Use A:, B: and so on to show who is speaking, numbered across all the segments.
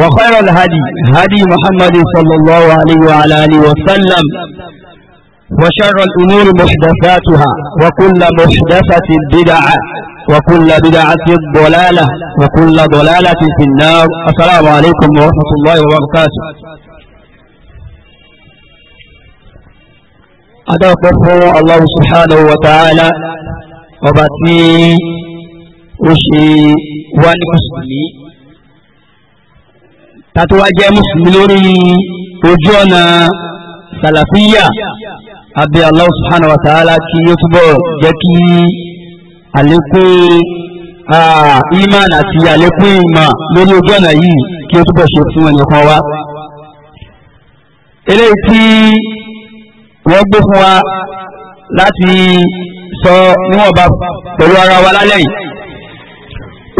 A: وخير الهدي هدي محمد صلى الله عليه وعلى آله وسلم وشر الأمور محدثاتها وكل محدثة بدعة وكل بدعة ضلالة وكل ضلالة في النار السلام عليكم ورحمة الله وبركاته أدعو الله سبحانه وتعالى وباتي وشي واني مسلمين tàtó wá jẹ́ mùsùlùmí lórí ojú ọ̀nà sàlàfíyà abẹ́ Allah subhanahu wa ta'ala kí ó túbọ̀ jẹ́ kí àlékún iman àti àlékún ìmọ̀ lórí ojú ọ̀nà yìí kí ó túbọ̀ ṣe fún ẹnì kan eléyìí tí wọ́n gbé fún wa láti sọ níwọ̀nba pẹ̀lú ara wa lálẹ́ yìí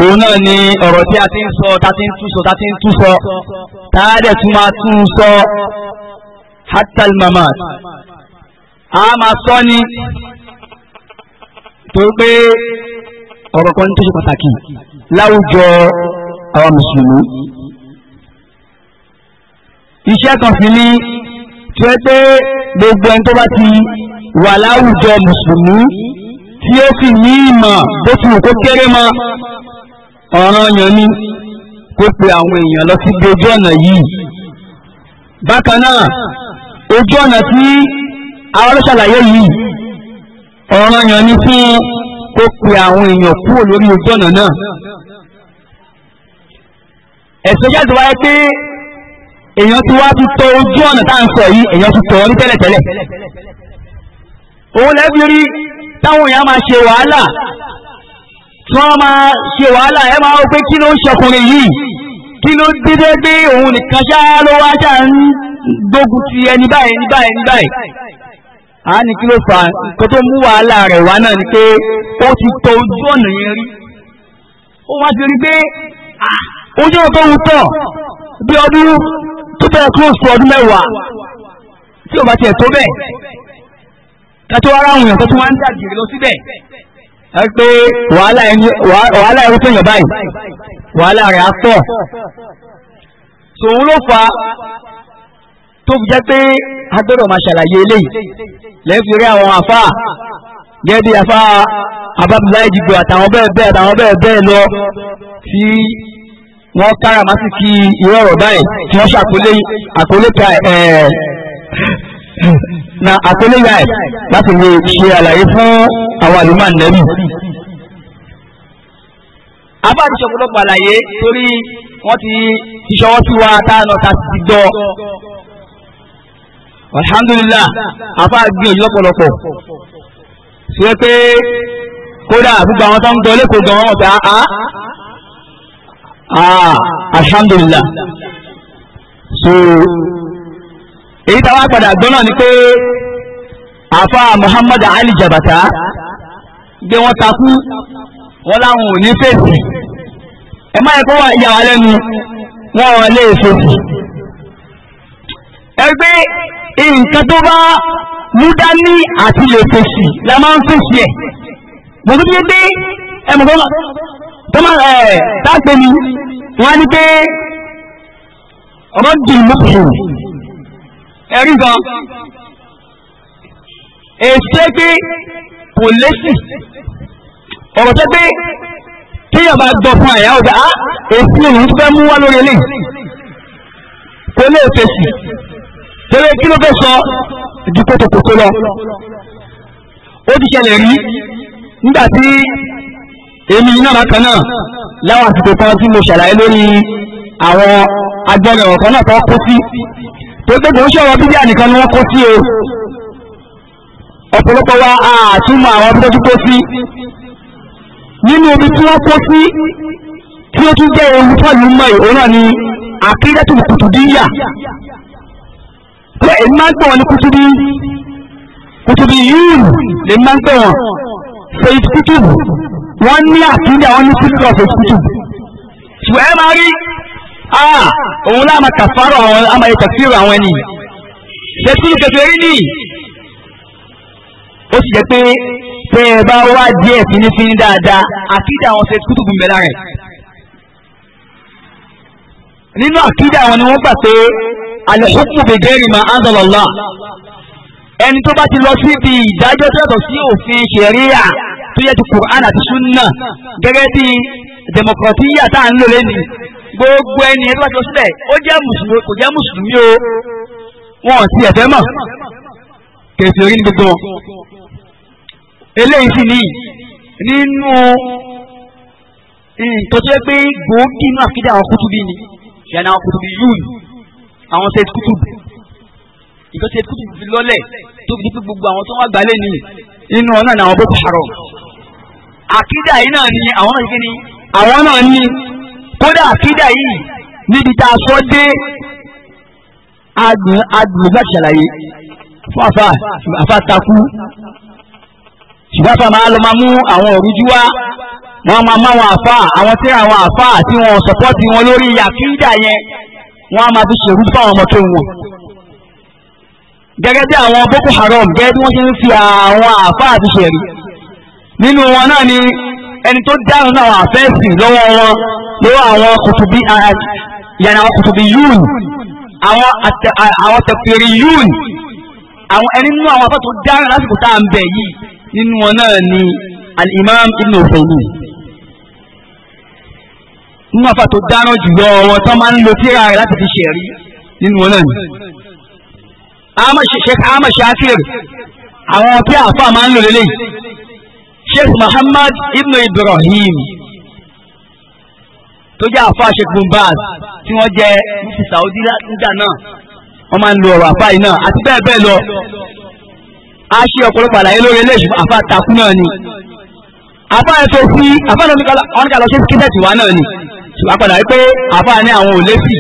A: òun náà ni ọ̀rọ̀ tí a ti ń sọ ta ti ń tún sọ ta ti ń tún sọ tá dẹ̀ tún máa tún sọ hatal mamad a máa sọ ni torí pé ọ̀rọ̀ kan tó ṣe pàtàkì láwùjọ àwọn mùsùlùmí iṣẹ́ kan fi ní tí ó pé gbogbo ẹni tó bá ti wà láwùjọ mùsùlùmí tí ó fi ní ìmọ̀ tó fi wù kó kéré mọ́ ọ̀ràn yẹn ni kó pe àwọn èèyàn lọ sí ojú ọ̀nà yìí bákan náà ojú ọ̀nà tí àwọn ṣàlàyé yìí ọ̀ràn yẹn ni fún kó pe àwọn èèyàn kúrò lórí ojú ọ̀nà náà ẹ̀sìn jáde wáyé pé èèyàn ti wá ti tọ ojú ọ̀nà tá à ń sọ yìí èèyàn ti tọ̀ ọ́ ní tẹ́lẹ̀tẹ́lẹ̀ òun lẹ́bi rí táwọn èèyàn máa ṣe wàhálà tí wọ́n máa ṣe wàhálà ẹ máa pé kí ló ń ṣọkùnrin yìí kí ló dédé gbé òun nìkan ṣá ló wá ṣá ń gbógun ti ẹni báyìí ẹni báyìí ẹni báyìí. a ní kí ló fà nǹkan tó mú wàhálà rẹ̀ wá náà ni pé ó ti tọ ojú ọ̀nà yẹn rí ó wá ti rí pé ah, ojú ọ̀nà ń tọ̀ bí ọdún tó bẹ̀rẹ̀ kúrò sí ọdún mẹ́wàá tí ò bá tiẹ̀ tó bẹ́ẹ̀ kátó ara àwọn èèyàn tó tún wá ń dàgbére lọ síbẹ̀ ẹ pé wàhálà ẹni tó yàn báyìí wàhálà rẹ̀ á pọ̀ sòun ló fa tó fi jẹ́ pé a gbọ́dọ̀ máa ṣàlàyé eléyìí lẹ́fi rí àwọn àfa gẹ́gẹ́ àfa abábíláì dìgbò àtàwọn bẹ́ẹ̀ bẹ́ẹ̀ àtàwọn bẹ́ẹ̀ bẹ́ẹ̀ lọ tí wọ́n kára má sì kí irú ọ̀rọ̀ báyìí tí wọ́n ṣàkólé àkólé na àtẹlẹyà ẹ láti lè ṣe àlàyé fún àwọn àlùmọ́ nẹ́bì. abáàdì ṣọ̀pọ̀lọpọ̀ àlàyé torí wọ́n ti ti ṣọwọ́ sí wa tá a nọ ta ti gbọ́. alhamdulillah afa gbìyànjú lọ́pọ̀lọpọ̀ sí ẹ pé kódà gbogbo àwọn tó ń gbọ́ lẹ́kọ̀ọ́ gan ọ̀tá a alhamdulillah so èyí táwa padà gbọ́ náà ni pé àfa Muhammad Ali Jabata gbé wọn takú wọn láwọn ò ní fèsì ẹ má yẹ kó wà yà wá lẹ́nu wọn ò lè fèsì. ẹ gbé nǹkan tó bá mú dání àti lè fèsì la máa ń fèsì ẹ̀ gbogbo tó yẹ pé ẹ mọ̀ tó máa ẹ̀ tá a wọn á ní pé ọmọ dùn mọ́tò ẹ̀rí gan èsì pé kò lésì ọ̀rọ̀ tó pé kéèyàn bá gbọ́ fún àyà ọ̀gá á ah, èsì òun fẹ́ mú wá lórí ilé kò lè fèsì tẹ́lẹ̀ kí ló fẹ́ sọ ju kótókótó lọ ó ti ṣẹlẹ̀ rí nígbà tí èmi náà bákan náà láwọn àsìkò kan tí mo ṣàlàyé lórí àwọn agbọ́nrẹ̀ ọ̀kan náà tó kó sí tó pé kò ń ṣọ̀rọ̀ bíbíà nìkan ni wọ́n kó sí o ọ̀pọ̀lọpọ̀ wa àtúmọ̀ àwọn abúlé tó sí nínú ibi tí wọ́n kó sí tí ó tún jẹ́ ewu tọ́lù mọ́ ìhòòhùn náà ni àkídẹ́tù kùtùbíyà pé èmi máa ń pè wọ́n ní kùtùbí kùtùbí yìí lèmi máa ń pè wọ́n faith kùtùbù wọ́n ní àkídẹ́ wọ́n ní kùtùbù ṣùgbọ́n ẹ máa rí ah òun náà máa kàfárọ̀ àwọn àmà yẹ kàfírò àwọn ẹni tẹ̀sílù kẹfẹ́rí ni ó sì jẹ́ pé tẹ́ ẹ bá wá díẹ̀ fínífíní dáadáa àkídà àwọn ṣe kútùbù mẹ́la rẹ̀ nínú àkídà àwọn ni wọ́n gbà pé al-hukmu bi ghairi ma anzala Allah ẹni tó bá ti lọ síbi ìdájọ́ tó yàtọ̀ sí òfin ṣẹ̀ríà tó yẹ ti Qur'an àti sunna gẹ́gẹ́ bíi democratia tá à ń lò lẹ́nu gbogbo ẹni ẹni wájú sílẹ̀ ó jẹ́ mùsùlùmí kò jẹ́ mùsùlùmí o wọn ti ẹ̀fẹ́ mọ̀ kèsì orí ní gbogbo wọn. eléyìí sì ní nínú nǹkan tó yẹ pé gbòógì inú àkídà àwọn kútùbí ni yàrá àwọn kútùbí yùn àwọn ṣe kútùbí nǹkan ṣe kútùbí fi lọ́lẹ̀ tó fi dípé gbogbo àwọn tó wà gbálẹ̀ nìyí nínú ọ̀nà àwọn boko haram àkídà yìí náà ni àwọn náà yìí àwọn náà ní kódà àkídà yìí níbi tá a sọ dé agbègbè láti ṣàlàyé fún àfa àfa takú ṣùgbọ́n àfa máa lọ máa mú àwọn òrújú wá wọ́n máa máa wọn àfa àwọn tí àwọn àfa àti wọn sọ̀pọ́tì wọn lórí àkídà yẹn wọ́n á máa fi ṣèrú fáwọn ọmọ tó wọn gẹ́gẹ́ bí àwọn Boko Haram gẹ́gẹ́ bí wọ́n ṣe ń fi àwọn àfa àti ṣẹ̀rí nínú wọn náà ni ẹni tó dáhùn náà àfẹ́sì lọ́wọ́ wọn lọ́wọ́ àwọn kùtùbí yàrá àwọn kùtùbí yún àwọn àwọn tẹ̀fẹ̀rì yún àwọn ẹni nínú àwọn afẹ́ tó dáhùn lásìkò tá à ń bẹ̀ yìí nínú wọn náà ni al-imam ibn Uthaymeen nínú afẹ́ tó dáhùn jùlọ wọn tó máa ń lo tírà rẹ̀ láti fi ṣẹ̀rí nínú wọn náà ni. Ahmad Sheikh Ahmad Shakir àwọn tí àfa máa ń lò lélẹ́yìí sheikh muhammad ibn ibrahim tó jẹ́ àfa sheikh mumbaz tí wọ́n jẹ́ mufti saudi nígbà náà wọ́n máa ń lo ọ̀rọ̀ àfa yìí náà àti bẹ́ẹ̀ bẹ́ẹ̀ lọ a ṣe ọ̀pọ̀lọpọ̀ àlàyé lórí eléyìí àfa takú náà ni àfa ẹ̀ tó fi àfa náà ọ̀nà kàlọ́ ṣe kíkẹ́tì wá náà ni ṣùgbọ́n padà wípé àfa ní àwọn ò lẹ́sì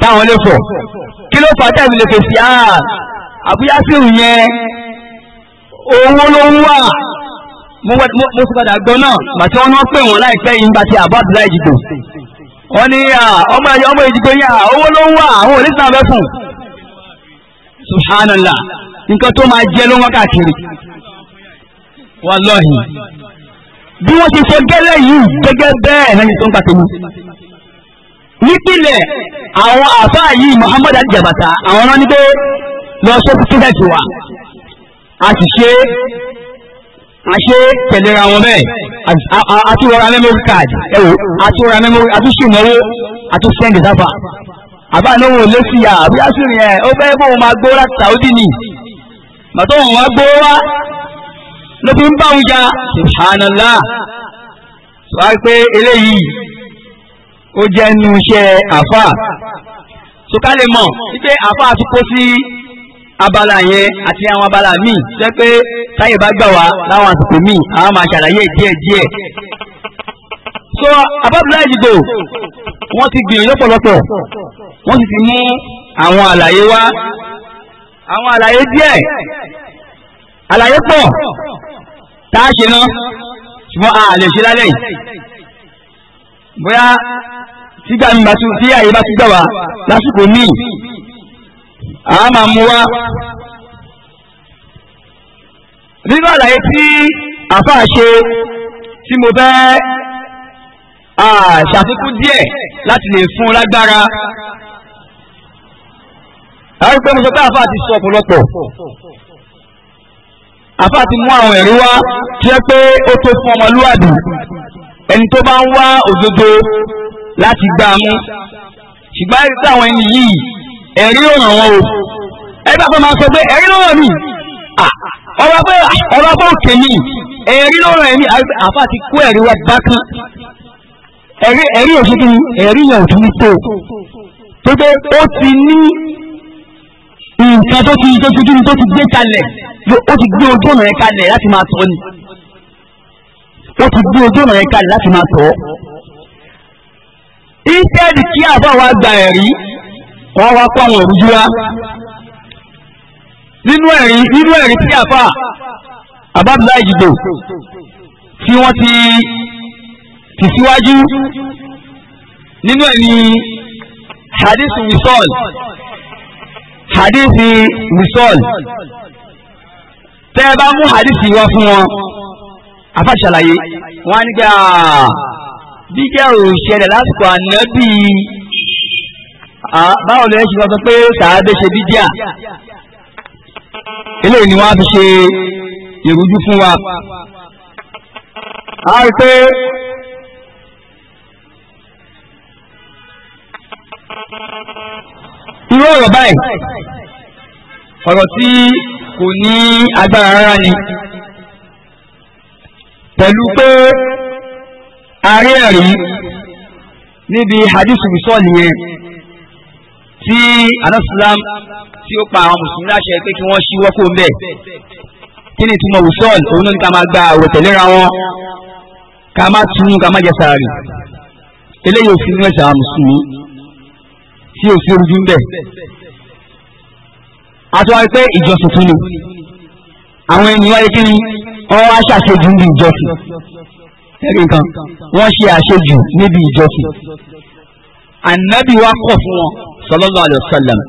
A: táwọn lè fọ̀ kí ló fà tẹ́lẹ̀ lè fèsì àbúyá sí ìrù yẹn owó ló ń wà mo sì padà gbọ́ náà bàtí wọ́n wọ́n pè wọ́n láìpẹ́ yìí nígbà tí àbá àbúrá ìdìbò wọ́n ní ọmọ ẹ̀yọ́ ọmọ ìdìbò yẹn owó ló ń wà àwọn ò ní sàn abẹ́ fún subhanallah nǹkan tó máa jẹ ló wọ́n káàkiri wallahi bí wọ́n ti ṣe gẹ́lẹ́ yìí gẹ́gẹ́ bẹ́ẹ̀ lẹ́yìn tó ń gbà tèmi nípìnlẹ̀ àwọn àbá yìí Muhammad alijabata àwọn ọ̀nà níbẹ̀ lọ sọ́kùtì a àṣé tẹ̀lera wọn bẹ́ẹ̀ àtúwọ̀ra memory card ẹ̀wò àtúwọ̀ra memory àtúnṣùmọ̀wó àtúnṣẹ́ǹdì sáfà àbá náà wò lé sí ya àbí àṣírí ẹ̀ ó fẹ́ bóun máa gbó láti Saudi ni màtọ́ wọn wá gbó wá ló fi ń bá wọn ja subhanallah sọ wá pé eléyìí ó jẹ́ nu iṣẹ́ àfà sọ ká lè mọ̀ wípé àfà àtúkọ́ sí abala yẹn àti àwọn abala míì ṣe pé táyè bá gbà wá láwọn àsìkò míì àwọn máa ṣàlàyé díẹ̀díẹ̀. so abábílá ìdìbò wọ́n ti gbìyànjú lọ́pọ̀lọpọ̀ wọ́n sì ti mú àwọn àlàyé wá àwọn àlàyé díẹ̀ àlàyé pọ̀ tá a ṣe ná ṣùgbọ́n a lè ṣe lálẹ́ yìí bóyá tí gbàmí bá tún tí àyè bá tún gbà wá lásìkò míì a máa mú wá nínú àlàyé tí àfáà ṣe tí mo fẹ́ ṣàfikún díẹ̀ láti lè fún lágbára àwọn ìpè mo sọ pé àfáà ti sọ ọ̀pọ̀lọpọ̀ àfáà ti mú àwọn ẹ̀rí wá tí ẹ pé ó tó fún ọmọlúwàbí ẹni tó bá ń wá òdodo láti gbà mú ṣùgbọ́n ẹ̀rí táwọn ẹni yìí ẹ̀rí ò ràn wọ́n o ẹgbẹ́ àpá máa sọ pé ẹ̀rí ló ràn mí ọba pé ọba pé òkè mi ẹ̀rí ló ràn mí àfa ti kó ẹ̀rí wa bákan ẹ̀rí ẹ̀rí ò ṣe kí ni ẹ̀rí yẹn ò tún tó tó pé ó ti ní nǹkan tó ti tó ti kí ni tó ti gbé kalẹ̀ ó ti gbé ojú ọ̀nà yẹn kalẹ̀ láti máa tọ́ ni ó ti gbé ojú ọ̀nà yẹn kalẹ̀ láti máa tọ́ instead kí àbá wa gba ẹ̀rí wọ́n wá kó àwọn ìrújú wá nínú ẹ̀rí nínú ẹ̀rí tí àfà àbábílá ìdìbò tí wọ́n ti tì síwájú nínú ẹ̀ ni hadithu wisol hadithi wisol tẹ́ ẹ bá mú hadithi wá fún wọn àfà ṣàlàyé wọn á ní kí a bí kẹ́rù ṣẹlẹ̀ lásìkò ànábì báwo lè ṣe sọ pé sàádé ṣe dídíà eléyìí ni wọ́n á fi ṣe ìrújú fún wa a rí pé irú ọ̀rọ̀ báyìí ọ̀rọ̀ tí kò ní agbára rárá ni pẹ̀lú pé a rí ẹ̀rí níbi hadith bisọ́ọ̀lì yẹn tí anasilam tí ó pa àwọn mùsùlùmí láṣẹ pé kí wọ́n ṣíwọ́ kó ń bẹ̀ kí ni ìtumọ̀ wùsọ́ọ̀lù òun náà ní ká máa gba àwẹ̀ tẹ̀léra wọn ká má tún ká má jẹ sàárì eléyìí òfin ní ẹ̀sà mùsùlùmí tí ò sí orújú ń bẹ̀. àtúwárí pé ìjọsìn tún ni àwọn ènìyàn wáyé kí ni wọ́n wá ṣàṣejù níbi ìjọsìn ẹ̀rí nǹkan wọ́n ṣe àṣejù níbi ìjọsìn ànábì wa kọ̀ fún wọn sallallahu alaihi wasallam.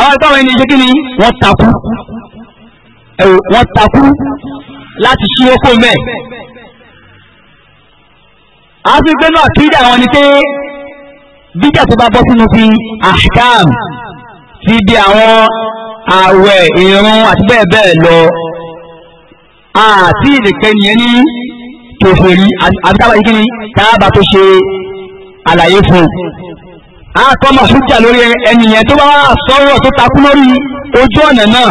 A: àwọn ìpàwọn ẹni ṣe kí ni wọ́n takú wọ́n takú láti ṣí okó mẹ́. a ti gbé náà kíjà wọn ni pé bíjà tó bá bọ́ sínú fi ahkam ti di àwọn ààwẹ̀ ìrun àti bẹ́ẹ̀ bẹ́ẹ̀ lọ àti ìdèkẹ́ nìyẹn ní tòfòrí àti tábà yìí kí ni tábà tó ṣe àlàyé fún un àkọ́mọ̀ fújà lórí ẹnìyẹn tó bá sọ́wọ́ tó takú lórí ojú ọ̀nà náà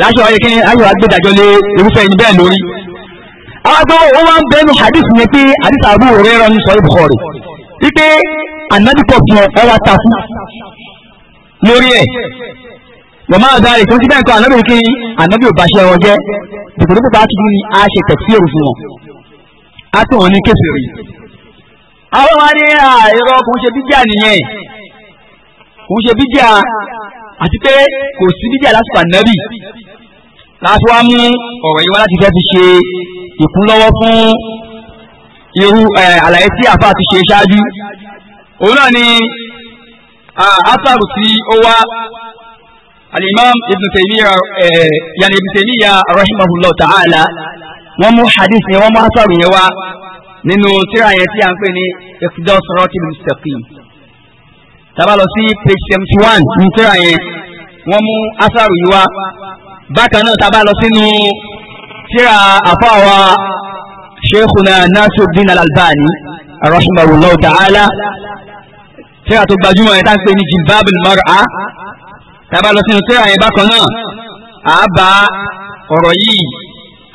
A: láṣọ ayé kí ni ayọ̀ agbẹ́dàjọ́ lé irúfẹ́ ẹni bẹ́ẹ̀ lórí. àwọn ó wá ń bẹ́ẹ̀ nu hadith yẹn pé hadith Abu Hurairah ní sọ́yìn Bukhari wípé anadikọ̀ fún ọ wá takú lórí ẹ̀ mọ̀mọ́ àdáre tó ti bẹ́ẹ̀ kọ́ ànábì kí ànábì ò bá ṣe ẹwọ́n jẹ́ dùkùdùkù bá ti ní a ṣe tẹ̀síọ̀rù fún wọn á tún wọn ní kéfì rí àwọn wa ní àìrọ kò ń ṣe bídíà nìyẹn kò ń ṣe bídíà àti pé kò sí bídíà lásìkò ànábì láti wá mú ọ̀rọ̀ yìí wá láti fẹ́ fi ṣe ìkúnlọ́wọ́ fún irú àlàyé tí àfa ti ṣe ṣáájú òun náà ni asaru tí ó wá alimam ibn taymiya yanni ibn taymiya rahimahullah ta'ala wọ́n mú hadith yẹn wọ́n mú asaru yẹn wá nínú tíra yẹn tí a ń pè ní ìfidọ́ sọ̀rọ̀ tí mo sọ̀kì tábà lọ sí page seventy one ní tíra yẹn wọ́n mú asaru yìí wá bákan náà tábà lọ sínú tíra àfọwà sheikhuna nasiruddin al-albani rahimahullahu ta'ala tíra tó gbajúmọ̀ yẹn tá ń pè ní jilbabul mar'a tábà lọ sínú tíra yẹn bákan náà àbá ọ̀rọ̀ yìí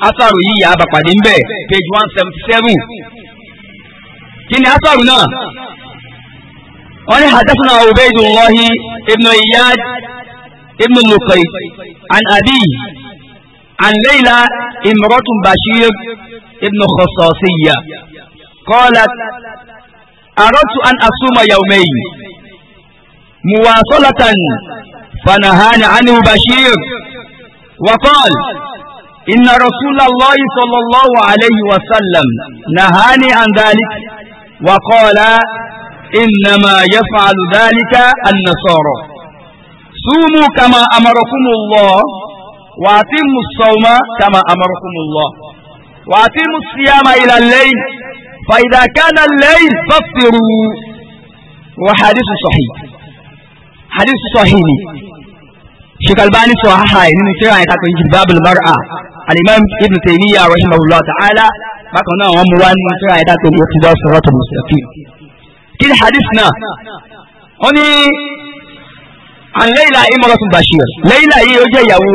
A: asaru yìí àbá pàdé ńbẹ̀ page one seventy seven kí ni asaru náà wọ́n ní hadathana ubaidullahi ibn iyad ibn lukai an abi an layla imratun bashir ibn khasasiyya qalat aradtu an asuma yawmayn مواصلة فنهاني عنه بشير وقال إن رسول الله صلى الله عليه وسلم نهاني عن ذلك وقال إنما يفعل ذلك النصارى صوموا كما أمركم الله وأتموا الصوم كما أمركم الله وأتموا الصيام إلى الليل فإذا كان الليل فافطروا وحديث صحيح حديث صحيح Sheikh Albani sọ haha yìí nínú tírà yẹn kakọ̀ Jilbabul Mar'a Al-Imam Ibn Taymiyyah rahimahullah ta'ala bákan náà wọ́n mú wá nínú tírà yẹn kakọ̀ Iqtidā'u Sirātal Mustaqīm. kí ni hadith náà wọ́n ní an Layla imratu Bashir Layla yìí ó jẹ́ ìyàwó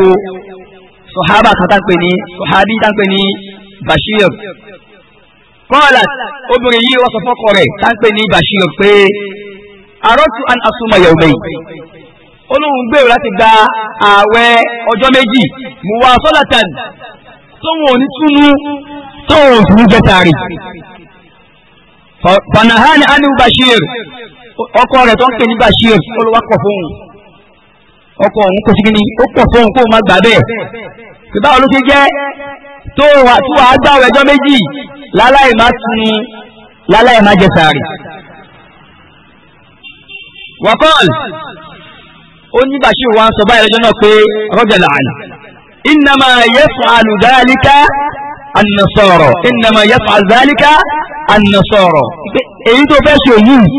A: sọ̀hábà kan tá ń pè ní sọ̀hábì tá ń pè ní Bashir kọ́ọ̀lá obìnrin yìí wọ́n sọ fọ́kọ rẹ̀ tá ń pè ní Bashir pé arọ́tù an asuma yawmayn olóhùn gbèrò láti gba ààwẹ̀ ọjọ́ méjì mùwà sọ́làtàn tóhùn òní túnú tóhùn òfin jẹtàrí fanahani anu bashir ọkọ rẹ̀ tó ń pè ní bashir olùwakọ̀ fóun ọkọ òun kò sí kí ni ó pọ̀ fóun kó má gbà bẹ́ẹ̀ bíbá olú ti jẹ́ tó wàá gbà ọjọ́ méjì láláì má túnú láláì má jẹtàrí. wakọ́ọ̀lù ó ní bàṣírí wa ń sọ báyìí lọ́jọ́ náà pé rọ́jà làánà innama yaf'alu dhalika an-nasara innama yaf'alu dhalika an-nasara èyí tó fẹ́ ṣe yìí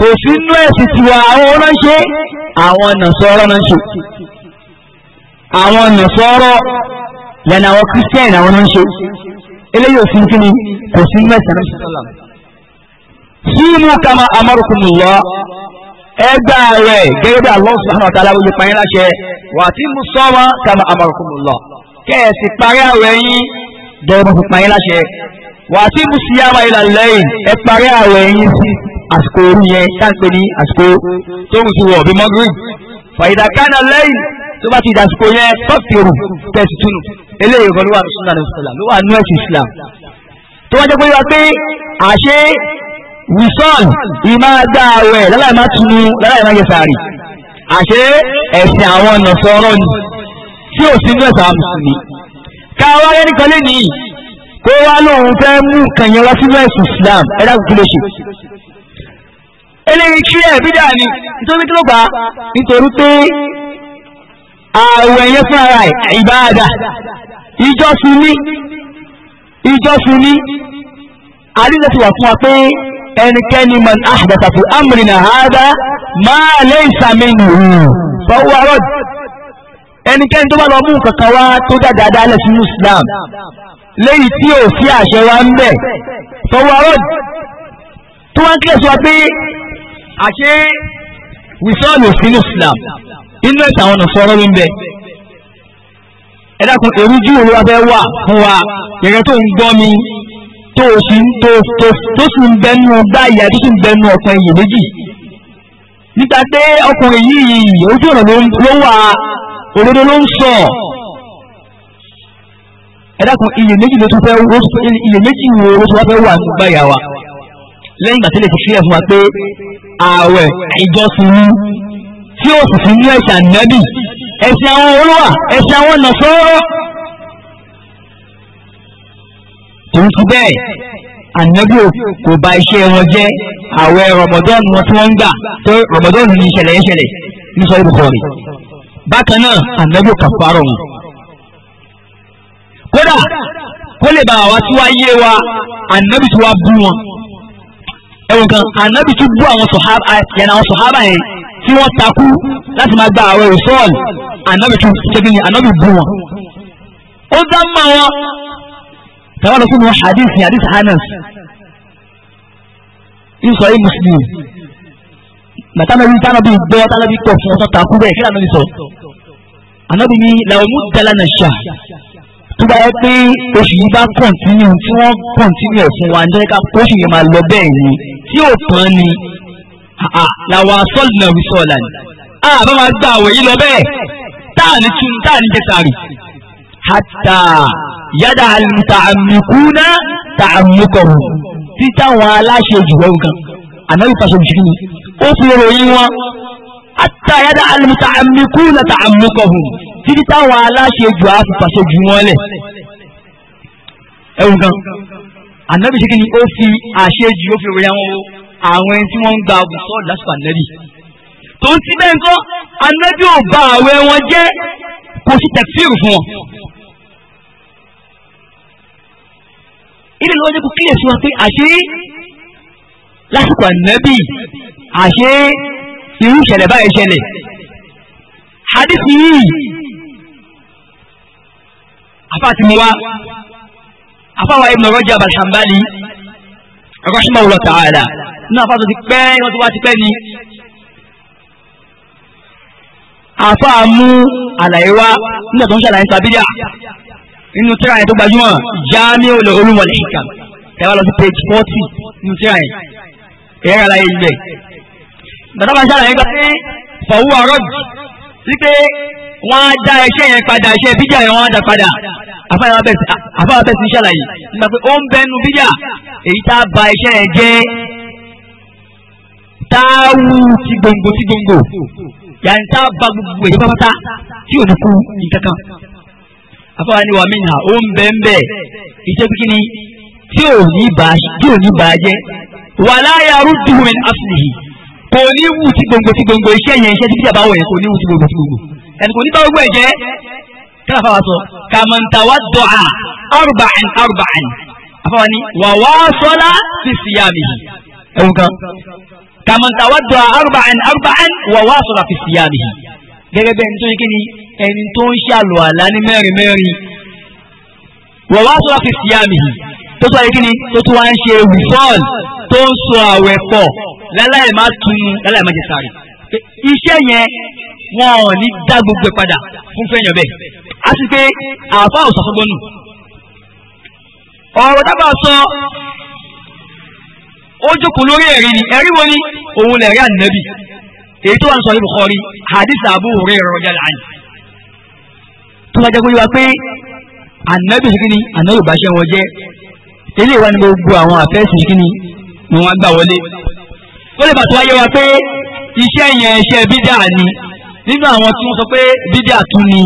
A: kò sí inú ẹ̀sìn tiwa àwọn ọlọ́ṣẹ́ àwọn nasara náà ṣe àwọn nasara lẹ́nu àwọn kírísítẹ́nì àwọn náà eléyìí òfin kí ni kò sí inú ẹ̀sìn náà ṣe sọ́lá. símú kama amarukumullah ẹgbà rẹ̀ gẹ́gẹ́ bí Allah subhanahu wa ta'ala wọlé pààyàn láṣẹ wà tí mo sọ wọn kama amarakumullah kẹ́ẹ̀sì parí àwẹ̀ yín dọ̀rọ̀ fún pààyàn láṣẹ wà tí mo sì yára ilà lẹ́yìn ẹ parí àwẹ̀ yín sí àsìkò orí yẹn káàpẹ́ ní àsìkò tó wù sí bí mọ́gírì fàyídà kánà lẹ́yìn tó bá ti dàsìkò yẹn tọ́pìrù tẹ̀sí túnú eléyìí kan ló wà ní sunnah ní islam ló wà ní ẹ̀sìn islam tó wá jẹ́ pé wá pé àṣẹ wisọ́n ìmá dá àwẹ̀ láláì má tunu láláì má yẹ sàárì àṣé ẹ̀sìn àwọn ọ̀nà sọ̀rọ̀ ni tí ò sí mẹ́ta mùsùlùmí. káwa yẹn nìkan lé nìyí kó wá lóun fẹ́ mú nǹkan yẹn wá sínú ẹ̀sìn Islam ẹ̀dá kúkú lè ṣe. eléyìí kí ẹ̀ bídà ni nítorí tó gbà nítorí pé àwẹ̀ yẹn fún ẹ̀ ìbáradà ìjọsùn ní ìjọsùn ní àdíjẹ́ ti wà fún wa pé ẹnikẹ́ni man ahdatha fi amrina hadha ma laysa minhu fa huwa rad ẹnikẹ́ni tó bá lọ mú kankan wá tó jáde adáálẹ̀ sí Islam léyìí tí ò sí àṣẹ wa ń bẹ̀ fa tó wá ń kílẹ̀ sọ pé àṣẹ wìsọ́ọ̀lù sí Islam inú ẹ̀sà àwọn ọ̀sọ́rọ́ ló ń bẹ ẹ dákun èrújú òru wa fẹ́ wà fún wa gẹ́gẹ́ tó ń gbọ́ mi tó o sì ń tó tó tó sì ń bẹnu ọgbà ìyá tó sì ń bẹnu ọ̀kan iyè méjì nígbà pé ọkùnrin yìí ojú ọ̀nà ló wà òdodo ló ń sọ ẹ dákun iyè méjì ló tún fẹ́ iyè méjì wo ló tún wá fẹ́ wà nígbà ìyá wa lẹ́yìn ìgbà tí lè fi fílẹ̀ fún wa pé ààwẹ̀ ìjọsìn tí ó sì fi ní ẹ̀sìn ànábì ẹ̀sìn àwọn olúwa ẹ̀sìn àwọn nàṣọ́rọ́. tòǹtù bẹ́ẹ̀ ànábì kò bà iṣẹ́ wọn jẹ́ àwẹ̀ Ramadan wọn tí wọ́n ń gbà tó Ramadan ní ìṣẹ̀lẹ̀ ìṣẹ̀lẹ̀ ní sọ Bukhari bákan náà ànábì kàfàrọ̀ wọn. kódà kó lè bá àwa tí wàá yé wa ànábì tí wàá bú wọn ẹ̀wọ̀n kan ànábì tí bú àwọn sọ̀hábà yẹn àwọn sọ̀hábà yẹn tí wọ́n takú láti máa gba àwẹ̀ òṣùwọ̀n ànábì tí ṣẹ́gi tàwọn lọ́sùn wọn hadith ní hadith Anas ń sọ yìí Muslim màtánàbí tánàbí gbọ́ tánàbí tọ̀ fún ọ̀sán takú bẹ́ẹ̀ kí lànà sọ ànábì ní làwọn mú dala nà ṣá tó bá yẹ pé oṣù yìí bá kọ̀ntínú tí wọ́n kọ̀ntínú ẹ̀ fún wa nítorí ká oṣù yẹn máa lọ bẹ́ẹ̀ ni tí ò tán ni làwọn asọ́ọ̀lù náà wí sọ́ọ̀lá ni àbá máa gbà àwẹ̀ yìí lọ bẹ́ẹ̀ táà ní tún táà ní jẹ́ sáré hatta yada alìtààmìkúná tààmìkọ̀wò títà wọn aláṣẹ ìjùwọ́ nǹkan ànábì pàṣẹ òṣìṣẹ́ ni ó fi ròyìn wọn hatta yada alìtààmìkúná tààmìkọ̀wò títí táwọn aláṣẹ ìjù á fi pàṣẹ jù wọn lẹ̀ ẹ̀wù kan ànábì ṣe kí ni ó fi àṣejù ó fi ròyìn àwọn àwọn ẹni tí wọ́n ń gba àbùsọ̀ lásìkò ànábì tó ń síbẹ̀ nǹkan ànábì ò bá àwẹ̀ wọn jẹ́ kò sí tẹ̀fíìrù fún wọn. ilé ló wájú kó kíyèsí wọn pé àṣé lásìkò ànábì àṣé irú ìṣẹ̀lẹ̀ báyìí ṣẹlẹ̀ hadithi yìí àfáàtì mu wa àfáàwà ibn Rajab al-Hanbali rahimahullah ta'ala nínú àfáàtì ti pẹ́ wọ́n ti wá ti pẹ́ ni àfáà mú àlàyé wa nígbà tó ń ṣàlàyé sábídà nínú tíra yẹn tó gbajúmọ̀ Jami'ul Ulum wal Hikam tẹ́wà lọ sí page forty nínú tíra yẹn ẹ̀yẹ́ ara yẹn bẹ̀. bàtà bá ṣàlàyé gba pé fọwọ́ ọ̀rọ̀ sí pé wọ́n á dá iṣẹ́ yẹn padà iṣẹ́ bíjà yẹn wọ́n á dá padà àfáà bẹ́ẹ̀ sí ṣàlàyé nígbà pé ó ń bẹnu bíjà èyí tá a ba iṣẹ́ yẹn jẹ́ táwù ti gbòǹgbò ti gbòǹgbò yàrá tá a ba gbogbo èyí afọwọ́ ni wà mí nà ó ń bẹ́ ń bẹ́ ìjẹ́ pé kíni tí ò ní bá tí ò ní bá jẹ́ wà láyà rúdùn mi kò ní wù tí gbogbo tí gbogbo iṣẹ́ yẹn iṣẹ́ tí bíjà yẹn kò ní wù tí gbogbo tí gbogbo ẹni kò ní bá gbogbo ẹ̀ jẹ́ kí ló sọ kàmọ́ntàwá dọ̀à arba'in arba'in afọwọ́ ni wà wá sọ́lá ti síyàmì ẹ̀wù kan kàmọ́ntàwá dọ̀à arba'in arba'in wà wá sọ́lá ti síyàmì yìí gẹ́gẹ́ bẹ́ẹ̀ nítorí kí ni ẹni tó ń ṣàlù àlá ní mẹ́rin mẹ́rin wọ́n wá sọ́ra fi sí àmì tó sọ yìí kí ni tó tún wá ń ṣe wùfọ́ọ̀lù tó ń so àwẹ̀ pọ̀ láláì má tún láláì má jẹ sáré iṣẹ́ yẹn wọn ò ní dá gbogbo ẹ̀ padà fún fẹ́yàn bẹ́ẹ̀ á sì pé àáfà ò sàfọ́gbọ́n nù ọ̀rọ̀ dábàá sọ ó jókòó lórí ẹ̀rí ni ẹ̀rí wo ni òun lẹ̀rí ànábì èyí tó wà ń sọ yìí Bukhari hadith Abu Hurairah radiyallahu anhu tó bá jẹ́ pé wá pé ànábì sí kíni ànábì bá ṣe wọn jẹ́ ilé ìwà ni gbogbo àwọn àfẹ́sì sí kíni ni wọ́n gbà wọlé ó lè bàtú wáyé wa pé iṣẹ́ yẹn iṣẹ́ bídà ni nínú àwọn tí wọ́n sọ pé bídà tún ni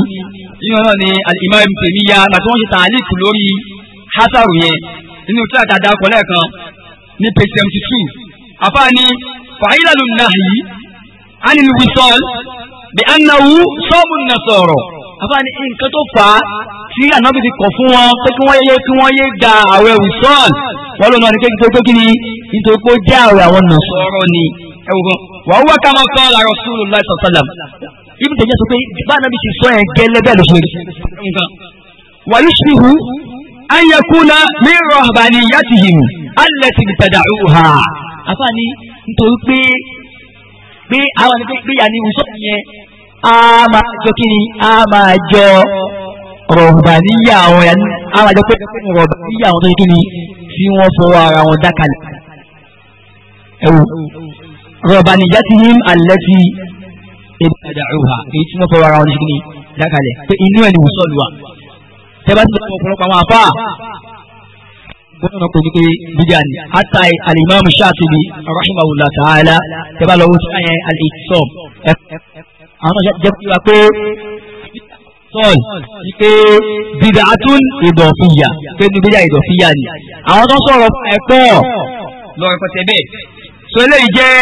A: nínú náà ni Al-Imam Ibn Taymiyyah bàtú wọ́n ṣe lórí hasaru yẹn nínú tí àtàdá kọ lẹ́ẹ̀kan ní page seventy two àfáà ni fàáyílàlù nàhìí عن الوصال بأنه صاب النصارى àfààní nǹkan tó fà á tí ànábì fi kọ̀ fún wọn pé kí wọ́n yẹ kí wọ́n yé gba àwẹ̀ wùsọ́ọ̀n wọ́n lọ́nà ní kékeré tó kí ni nítorí pé ó jẹ́ àwẹ̀ àwọn nàṣọ́rọ̀ ni ẹ̀wù kan wà á wá ká máa kọ́ lára Rasulullahi sallallahu alaihi wasallam ibi tẹ̀jẹ́ sọ pé bá ànábì ti sọ ẹ̀ gẹ́lẹ́ bẹ́ẹ̀ ló ṣe wà á yushbihu an yakuna min rahbaniyatihim allati ibtada'uha àfààní nítorí pé pé àwọn ẹni tó pé yà ní ìwúsọ yẹn a máa jọ kí ni a máa jọ rọ̀bà níyà àwọn yà ní a máa jọ pé rọ̀bà níyà àwọn tó yẹ kí ni tí wọ́n fọwọ́ ara wọn dákalẹ̀. ẹ wò rọ̀bà níyà ti ní alẹ́ ti ìbàdà ìhà èyí tí wọ́n fọwọ́ ara wọn ni dákalẹ̀ pé inú ẹ̀ ní ìwúsọ lù wà. tẹ́ bá ti sọ ọ̀pọ̀lọpọ̀ àwọn àfáà wọ́n nana kóni pé bíbí àná ata alimami Shatibi rahimahullah ta'ala tẹ́bà lọ́wọ́ sí ayé al-Iqtisam àwọn náà jẹ́ kí wá pé sọ́ọ̀l pé bid'atun idafiyya pé ní bíbí idafiyya ni àwọn tó sọ̀rọ̀ ẹ̀kọ́ lọ́wọ́ ẹ̀kọ́ tẹ̀bẹ̀ so eléyìí jẹ́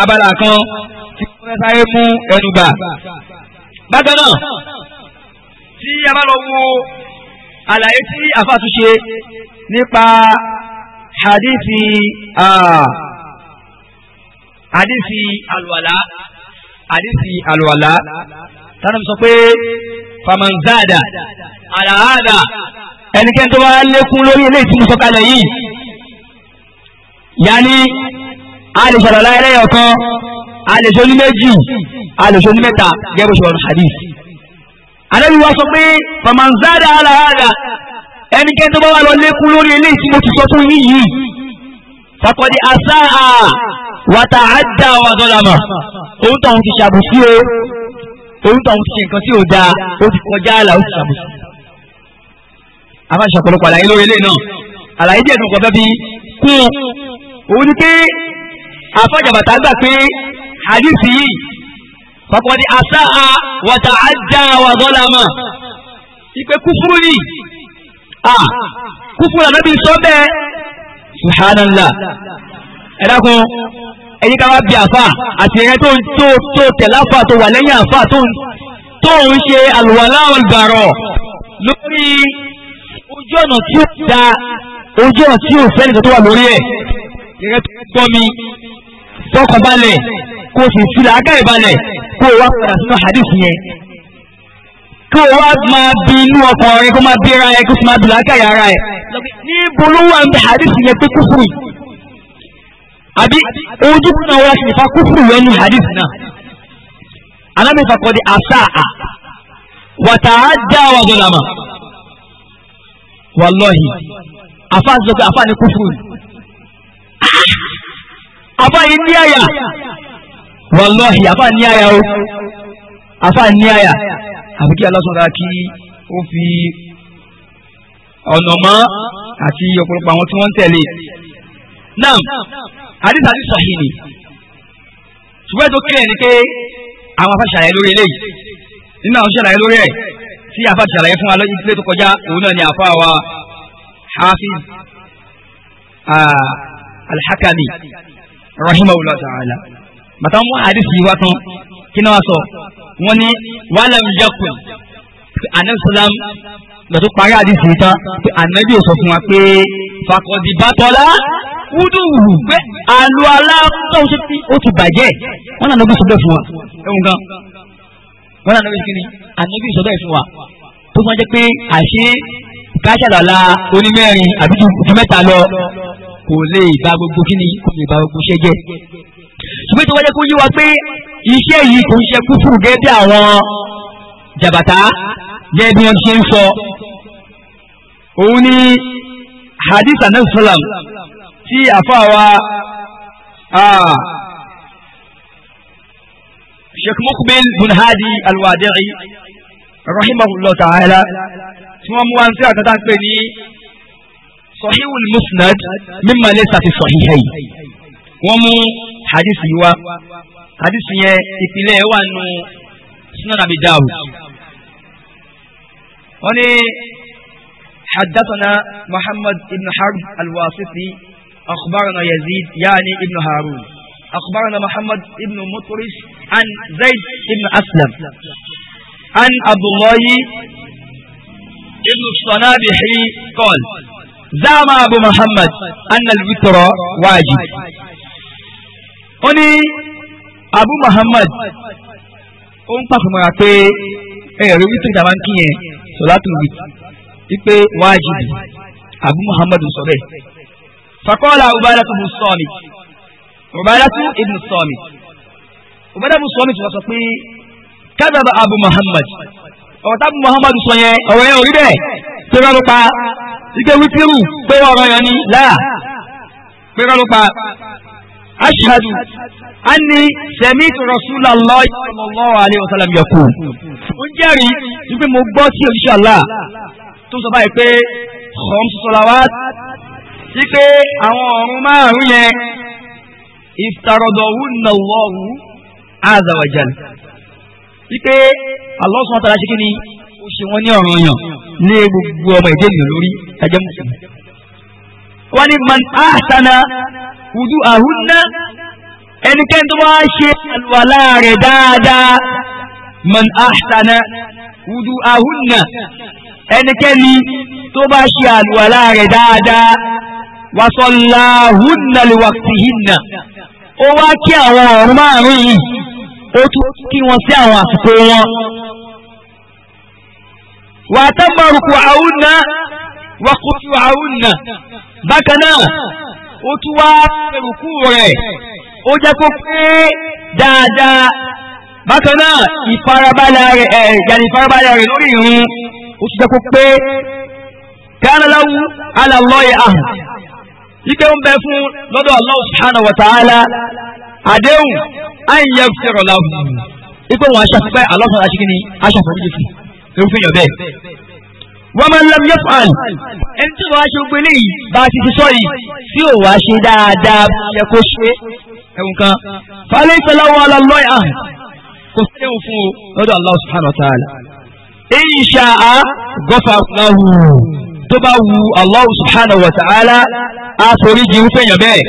A: abala kan tí wọ́n fẹ́ sáré mú ẹnu bà bákan náà tí a àlàyé tí àfàtú ṣe nípa hadithi hadithi alwala hadithi alwala tánà sọ pé famanzada alaada ẹnikẹ́ni tó bá lékún lórí ilé ìtumù sọ́kalẹ̀ yìí yanni a lè ṣàlàyé ẹlẹ́yọ̀ kan a lè ṣe oníméjì a lè ṣe onímẹ́ta àdẹ́bí wa sọ pé fàmàǹzádà aláàdà ẹnikẹ́ni tó bá wà lọ lékún lórí eléyìí tí mo ti sọ fún yín yìí fàkọ̀dé àsáà wàtà àdá wa zọ́làmà òun tó àwọn ti ṣàbùsí o òun tó àwọn ti ṣe nǹkan tí ò dáa ó ti kọjá àlà ó ti ṣàbùsí. àbáṣe ọ̀pọ̀lọpọ̀ àlàyé lórí eléyìí náà àlàyé díẹ̀ tó kọ fẹ́ fi kún un òun ni pé àfọ̀jàbàtà gbà pé hadisi yìí fakọ̀dí asáà wàtà àjà wà zọ́làmà ìpè kúfúrú ni à kúfúrú ànábì sọ bẹ́ẹ̀ subhanallah ẹ dákun ẹyí ká wá bí àfà àti ẹ̀yẹ tó tó tó tẹ̀láfà tó wà lẹ́yìn àfà tó tó ń ṣe àlùwàlá ọ̀gbàrọ̀ lórí ojú ọ̀nà tí ó da ojú ọ̀nà tí ó fẹ́ nìkan tó wà lórí ẹ̀ gẹ́gẹ́ tó gbọ́ mi fọkàn balẹ̀ kó o sì fi làákàyè balẹ̀ kó o wá padà sínú hadith yẹn kó o wá máa bi inú ọkàn rẹ kó máa bi ara rẹ kó o sì máa bi ara rẹ níbo ló wà ní hadith yẹn pé kúfùrù àbí ojú kan wá sí ìfà kúfùrù yẹn ní hadith náà alámìfà kọ́ di àṣà wàtàádá wa zọlámà wàlọ́hì àfáà sọ pé àfáà ni kúfùrù. àfa yìí ní àyà
B: wàlọ́ọ̀hì àfa ní àyà o
A: àfa ní àyà àfi kí alásùnra kí ó fi ọ̀nà mọ́ àti ọ̀pọ̀lọpọ̀ àwọn tí wọ́n ń tẹ̀lé náà àdìsá ti sọ̀hìn ni ṣùgbọ́n tó kílẹ̀ ni pé àwọn afa ṣàlàyé lórí eléyìí nínú àwọn ṣàlàyé lórí ẹ̀ tí afa ṣàlàyé fún wa lọ́jọ́ tó kọjá òun náà ni afa wa Hafiz ah, alhakami rahimahullah ta'ala bàtà wọn àdìsí wa tán kí ni wọn sọ wọn ni wàhálà ń yẹkùn anabisalam lọ́tún parí àdìsí tán pé anabi ò sọ fún wa pé fakọ̀dì bàtọ́lá wúdú wù pé àlọ́ aláàtọ̀ ó ti bàjẹ́ wọn náà ló bí sọ bẹ́ẹ̀ fún wa ẹ̀wọ̀n gan wọn náà ló bí anabi sọ bẹ́ẹ̀ fún wa tó fún wa jẹ́ pé àṣé káṣàlọ́lá onímẹ́rin ju mẹ́ta lọ kò lè ba gbogbo kí ni kò lè ba gbogbo iṣẹ́ jẹ́ ṣùgbọ́n tí wọ́n jẹ́ kó yí wa pé iṣẹ́ yìí kò ń ṣe kúfù gẹ́gẹ́ àwọn jàbàtà gẹ́gẹ́ bí wọ́n ṣe ń sọ òun ni hadith anasalam tí àfàwà sheikh mukbil bin hadi alwadiri rahimahullah ta'ala tí wọ́n mú wa ń sí àkàtà ń pè ní صحيح المسند مما ليس في صحيحي ومو حديث يوا حديث يه إبلاه وانو سنن أبي داود وني حدثنا محمد بن حرب الواسطي أخبرنا يزيد يعني ابن هارون أخبرنا محمد بن مطرس عن زيد بن أسلم عن عبد الله بن الصنابحي قال zama abu muhammad annal witro wajib abu muhammad o ń pàfọmọra pé ẹ̀rí wítìrì tàbá ń kíyẹn sọ̀látù wítì wípé abu muhammad sọ bẹ́ẹ̀ fakọ́lá ubadatu ibn samit ubadatu ibn sọ pé abu muhammad ọ̀tá abu muhammad sọ yẹn ọ̀rọ̀ yẹn bẹ́ẹ̀ ike wípírù pé ọ̀rọ̀ yẹn ni láà pé kọ́ ló pa ashhadu anni sami'tu rasulallahi sallallahu alaihi wasallam yaqul. ó ń jẹ́rìí wípé mo gbọ́ sí òṣìṣẹ́ Allah tó sọ báyìí pé khams salawat sí pé àwọn ọ̀run márùn-ún yẹn ìfitarodọ̀wúnà Allahu azza wípé Allah subhanahu ṣe kí ni ó ṣe wọ́n ní ọ̀ràn yàn lé gbogbo ọmọ ìdí ènìyàn lórí ẹjẹ mùsùlùmí. wọ́n ní man ahsana wudu ahunna ẹnikẹ́ni tó bá ṣe àlùwàlá rẹ̀ dáadáa man ahsana wudu ahunna ẹnikẹ́ni tó bá ṣe àlùwàlá rẹ̀ dáadáa wàsọ̀lá ahunna li waqtihinna ó wá kí àwọn ọ̀run márùn-ún yìí ó tún kí wọn sí àwọn àsìkò wọn. وأتم ركوعهن وخشوعهن بكنا أتوا ركوعه أجاكو دادا bákan náà ìfarabalẹ̀ rẹ̀ ẹ̀ yàrá ìfarabalẹ̀ rẹ̀ lórí ìrún ó ti jẹ́ kó pé kánáláwù alàlọ́yẹ̀ àhùn ike ń bẹ fún lọ́dọ̀ Allah subhanahu wa ta'ala àdéhùn àìyẹ fẹ́rọ̀ láwù ipò wọn aṣàfẹ́ alọ́sàn aṣíkíní aṣàfẹ́ irúfẹ́ yàn bẹ́ẹ̀. wọ́n máa ń lọ yẹ́pọ̀ àn ẹni tí wàá ṣe gbélé yìí bá a ti ti sọ yìí tí ò wá ṣe dáadáa yẹ kó ṣe ẹ̀wùn kan. falẹ́ ìfẹ́láwọ́ alálọ́yà kò sẹ́wọ̀n fún o lọ́dọ̀ Allah subhanahu wa ta'ala. èyí ṣá a gọ́fà láhù tó bá wu Allah subhanahu wa ta'ala àforíjì irúfẹ́ yàn bẹ́ẹ̀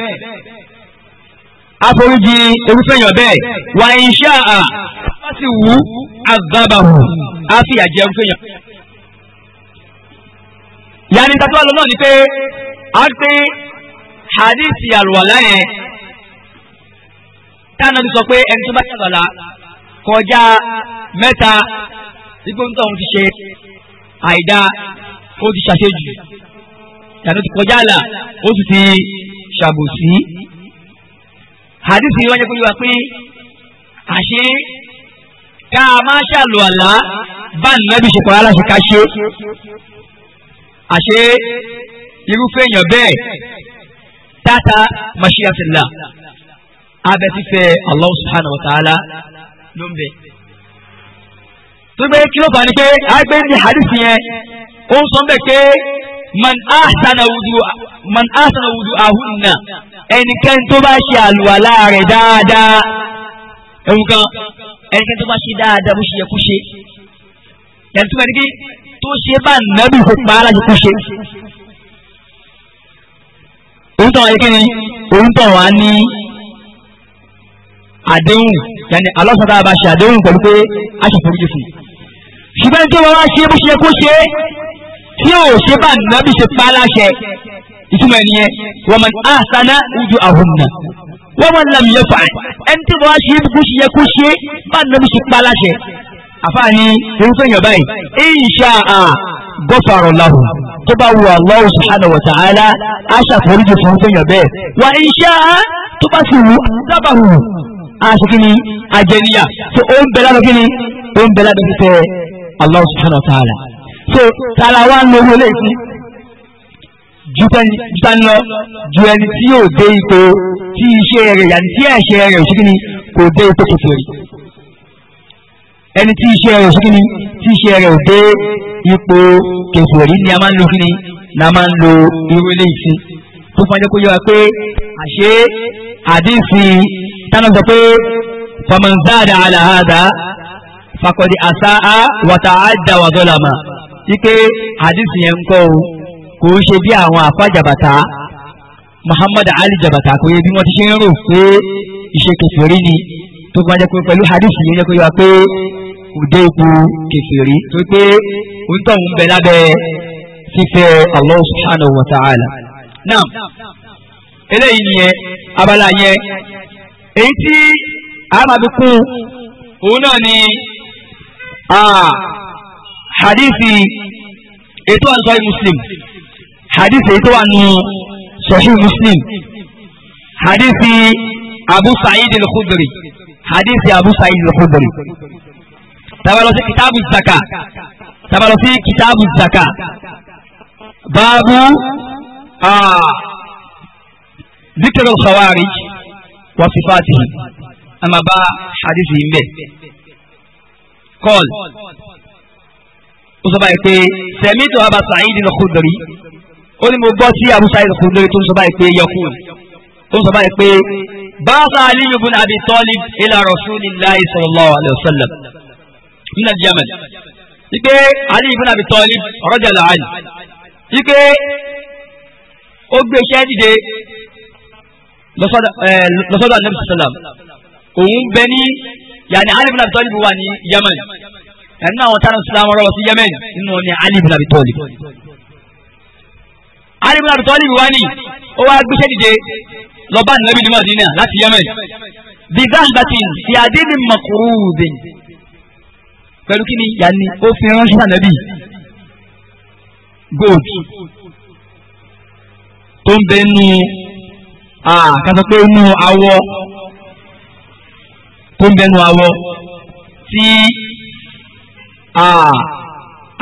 A: àforíjì irúfẹ́ yàn bẹ́ẹ̀ wà ń ṣá a bá sì wù agbábàwò á fi àjẹun tó yàn. yàrá ìtàtú àlọ́ náà ni pé a pé hadith àlùwàlá yẹn táwọn ti sọ pé ẹni tó bá ṣàlùwàlá kọjá mẹ́ta ipò ń ti ṣe àìdá ó ti ṣàṣejù yàtọ̀ ti kọjá àlà ó sì ti ṣàbòsí. hadith yìí wáyé pé wá pé àṣé ká a máa ṣàlù àlá bá nàbí ṣe kọ́ aláṣẹ ká ṣe àṣé irúfẹ́ èèyàn bẹ́ẹ̀ tata mashiyatillah abẹ́tífẹ́ Allah subhanahu wa ta'ala ló ń bẹ. tó gbé kí ló fà ní pé àgbẹ̀ ní hadith yẹn ó ń sọ bẹ́ẹ̀ pé man ahsana wudu'a man ahsana wudu'ahunna ẹnikẹ́ni tó bá ṣe àlùwàlá rẹ̀ dáadáa ẹ̀wù kan ẹnikẹ́ni tó bá ṣe dáadáa bó ṣe yẹ kó ṣe yẹn tó bẹ́ẹ̀ ni tó ṣe bá nàbì kó pa aláṣẹ kó ṣe. òun tàn wá yìí kíni òun tàn wá ní àdéhùn yàní alọ́sọ̀tà bá ṣe àdéhùn pẹ̀lú pé a ṣe foríjì fún un. ṣùgbọ́n tí wọ́n wá ṣe bó ṣe yẹ kó ṣe tí ò ṣe bá nàbì ṣe pa aláṣẹ ìtumọ̀ ẹ̀ nìyẹn wọ́n mọ̀ ní àṣà náà ń ju àhùn náà wọ́n máa ń lam yẹ fàáyì ẹni tí wọ́n á ṣe kó ṣe yẹ kó ṣe bá nàbí ṣe pa láṣẹ. àfààní irúfẹ́ èèyàn báyìí insha Allah gọ́fàrọ̀ làwù tó bá wù Allah subhanahu wa ta'ala á ṣàforíjì fún irúfẹ́ èèyàn bẹ́ẹ̀ wà insha Allah tó bá sì wù dábàá wù aṣekini ajẹniya so o ń bẹ lábẹ́ kini o ń bẹ lábẹ́ fífẹ́ Allah subhanahu wa ta'ala so tààlà wa ń lo owó lẹ́yìn ju tẹni ta lọ ju ẹni tí yóò dé ipò tí iṣẹ́ rẹ̀ yàtí tí àṣẹ rẹ̀ òṣìkìní kò dé ipò kòtòrì ẹni tí iṣẹ́ rẹ̀ òṣìkìní tí iṣẹ́ rẹ̀ ò dé ipò kòtòrì ni a máa ń lo kíni ni a máa ń lo irú ilé ìsìn tó fún ajẹ́ kó yẹ pé àṣé àdìsí tánà sọ pé famanzada alahada fakọ̀dí àṣà á wàtà àjà wàdọ́làmà wípé àdìsí yẹn ń kọ́ o. kò ń ṣe bí àwọn àfa Muhammad Ali Jabata kò yẹ bí ti ṣe ń rò pé keferi kẹfìrí ni tó bá jẹ́ pé hadith yìí jẹ́ pé pé òde ipò kẹfìrí tó pé òǹtọ̀ ń bẹ lábẹ́ fífẹ́ Allah subhanahu wa ta'ala. náà eléyìí ni yẹn abala yẹn èyí tí ni ah, hadithi ètò àǹtọ́ muslim. hadith èyí tó wà nù sahih muslim hadith abu sa'id al-khudri hadith abu sa'id al-khudri tabalo sí kitabu zaka tabalo sí kitabu zaka baabu ذكر الخوارج وصفاتهم أما با حديثهم به قال وصبا يقول سمعت أبا سعيد الخدري ó ní mo gbọ́ sí abusa ìdòkun lórí tó ń sọ báyìí pé yọkù tó ń sọ báyìí pé báàsà aliyu bin abi talib ila rasulillahi sallallahu alayhi wa sallam nínú jamal ike aliyu bin abi talib rọjà làálì ike ó gbé iṣẹ́ dìde lọ́sọ́dọ̀ anabi sallam òun bẹ ní yàní aliyu bin abi talib wà ní yaman ẹ̀rọ náà wọn tánà sílámù ọ̀rọ̀ sí yaman nínú ní alibun abu tọ́lìbù wá ní ó wá gbéṣẹ́ dìde lọ́ba nàbí ní madina láti yemen bizanbatin ti adini makurube pẹ̀lú kí ni yanni ó fi ránṣẹ́ ànábì gold tó ń bẹ nú kásán pé nú awọ tó ń bẹ nú awọ tí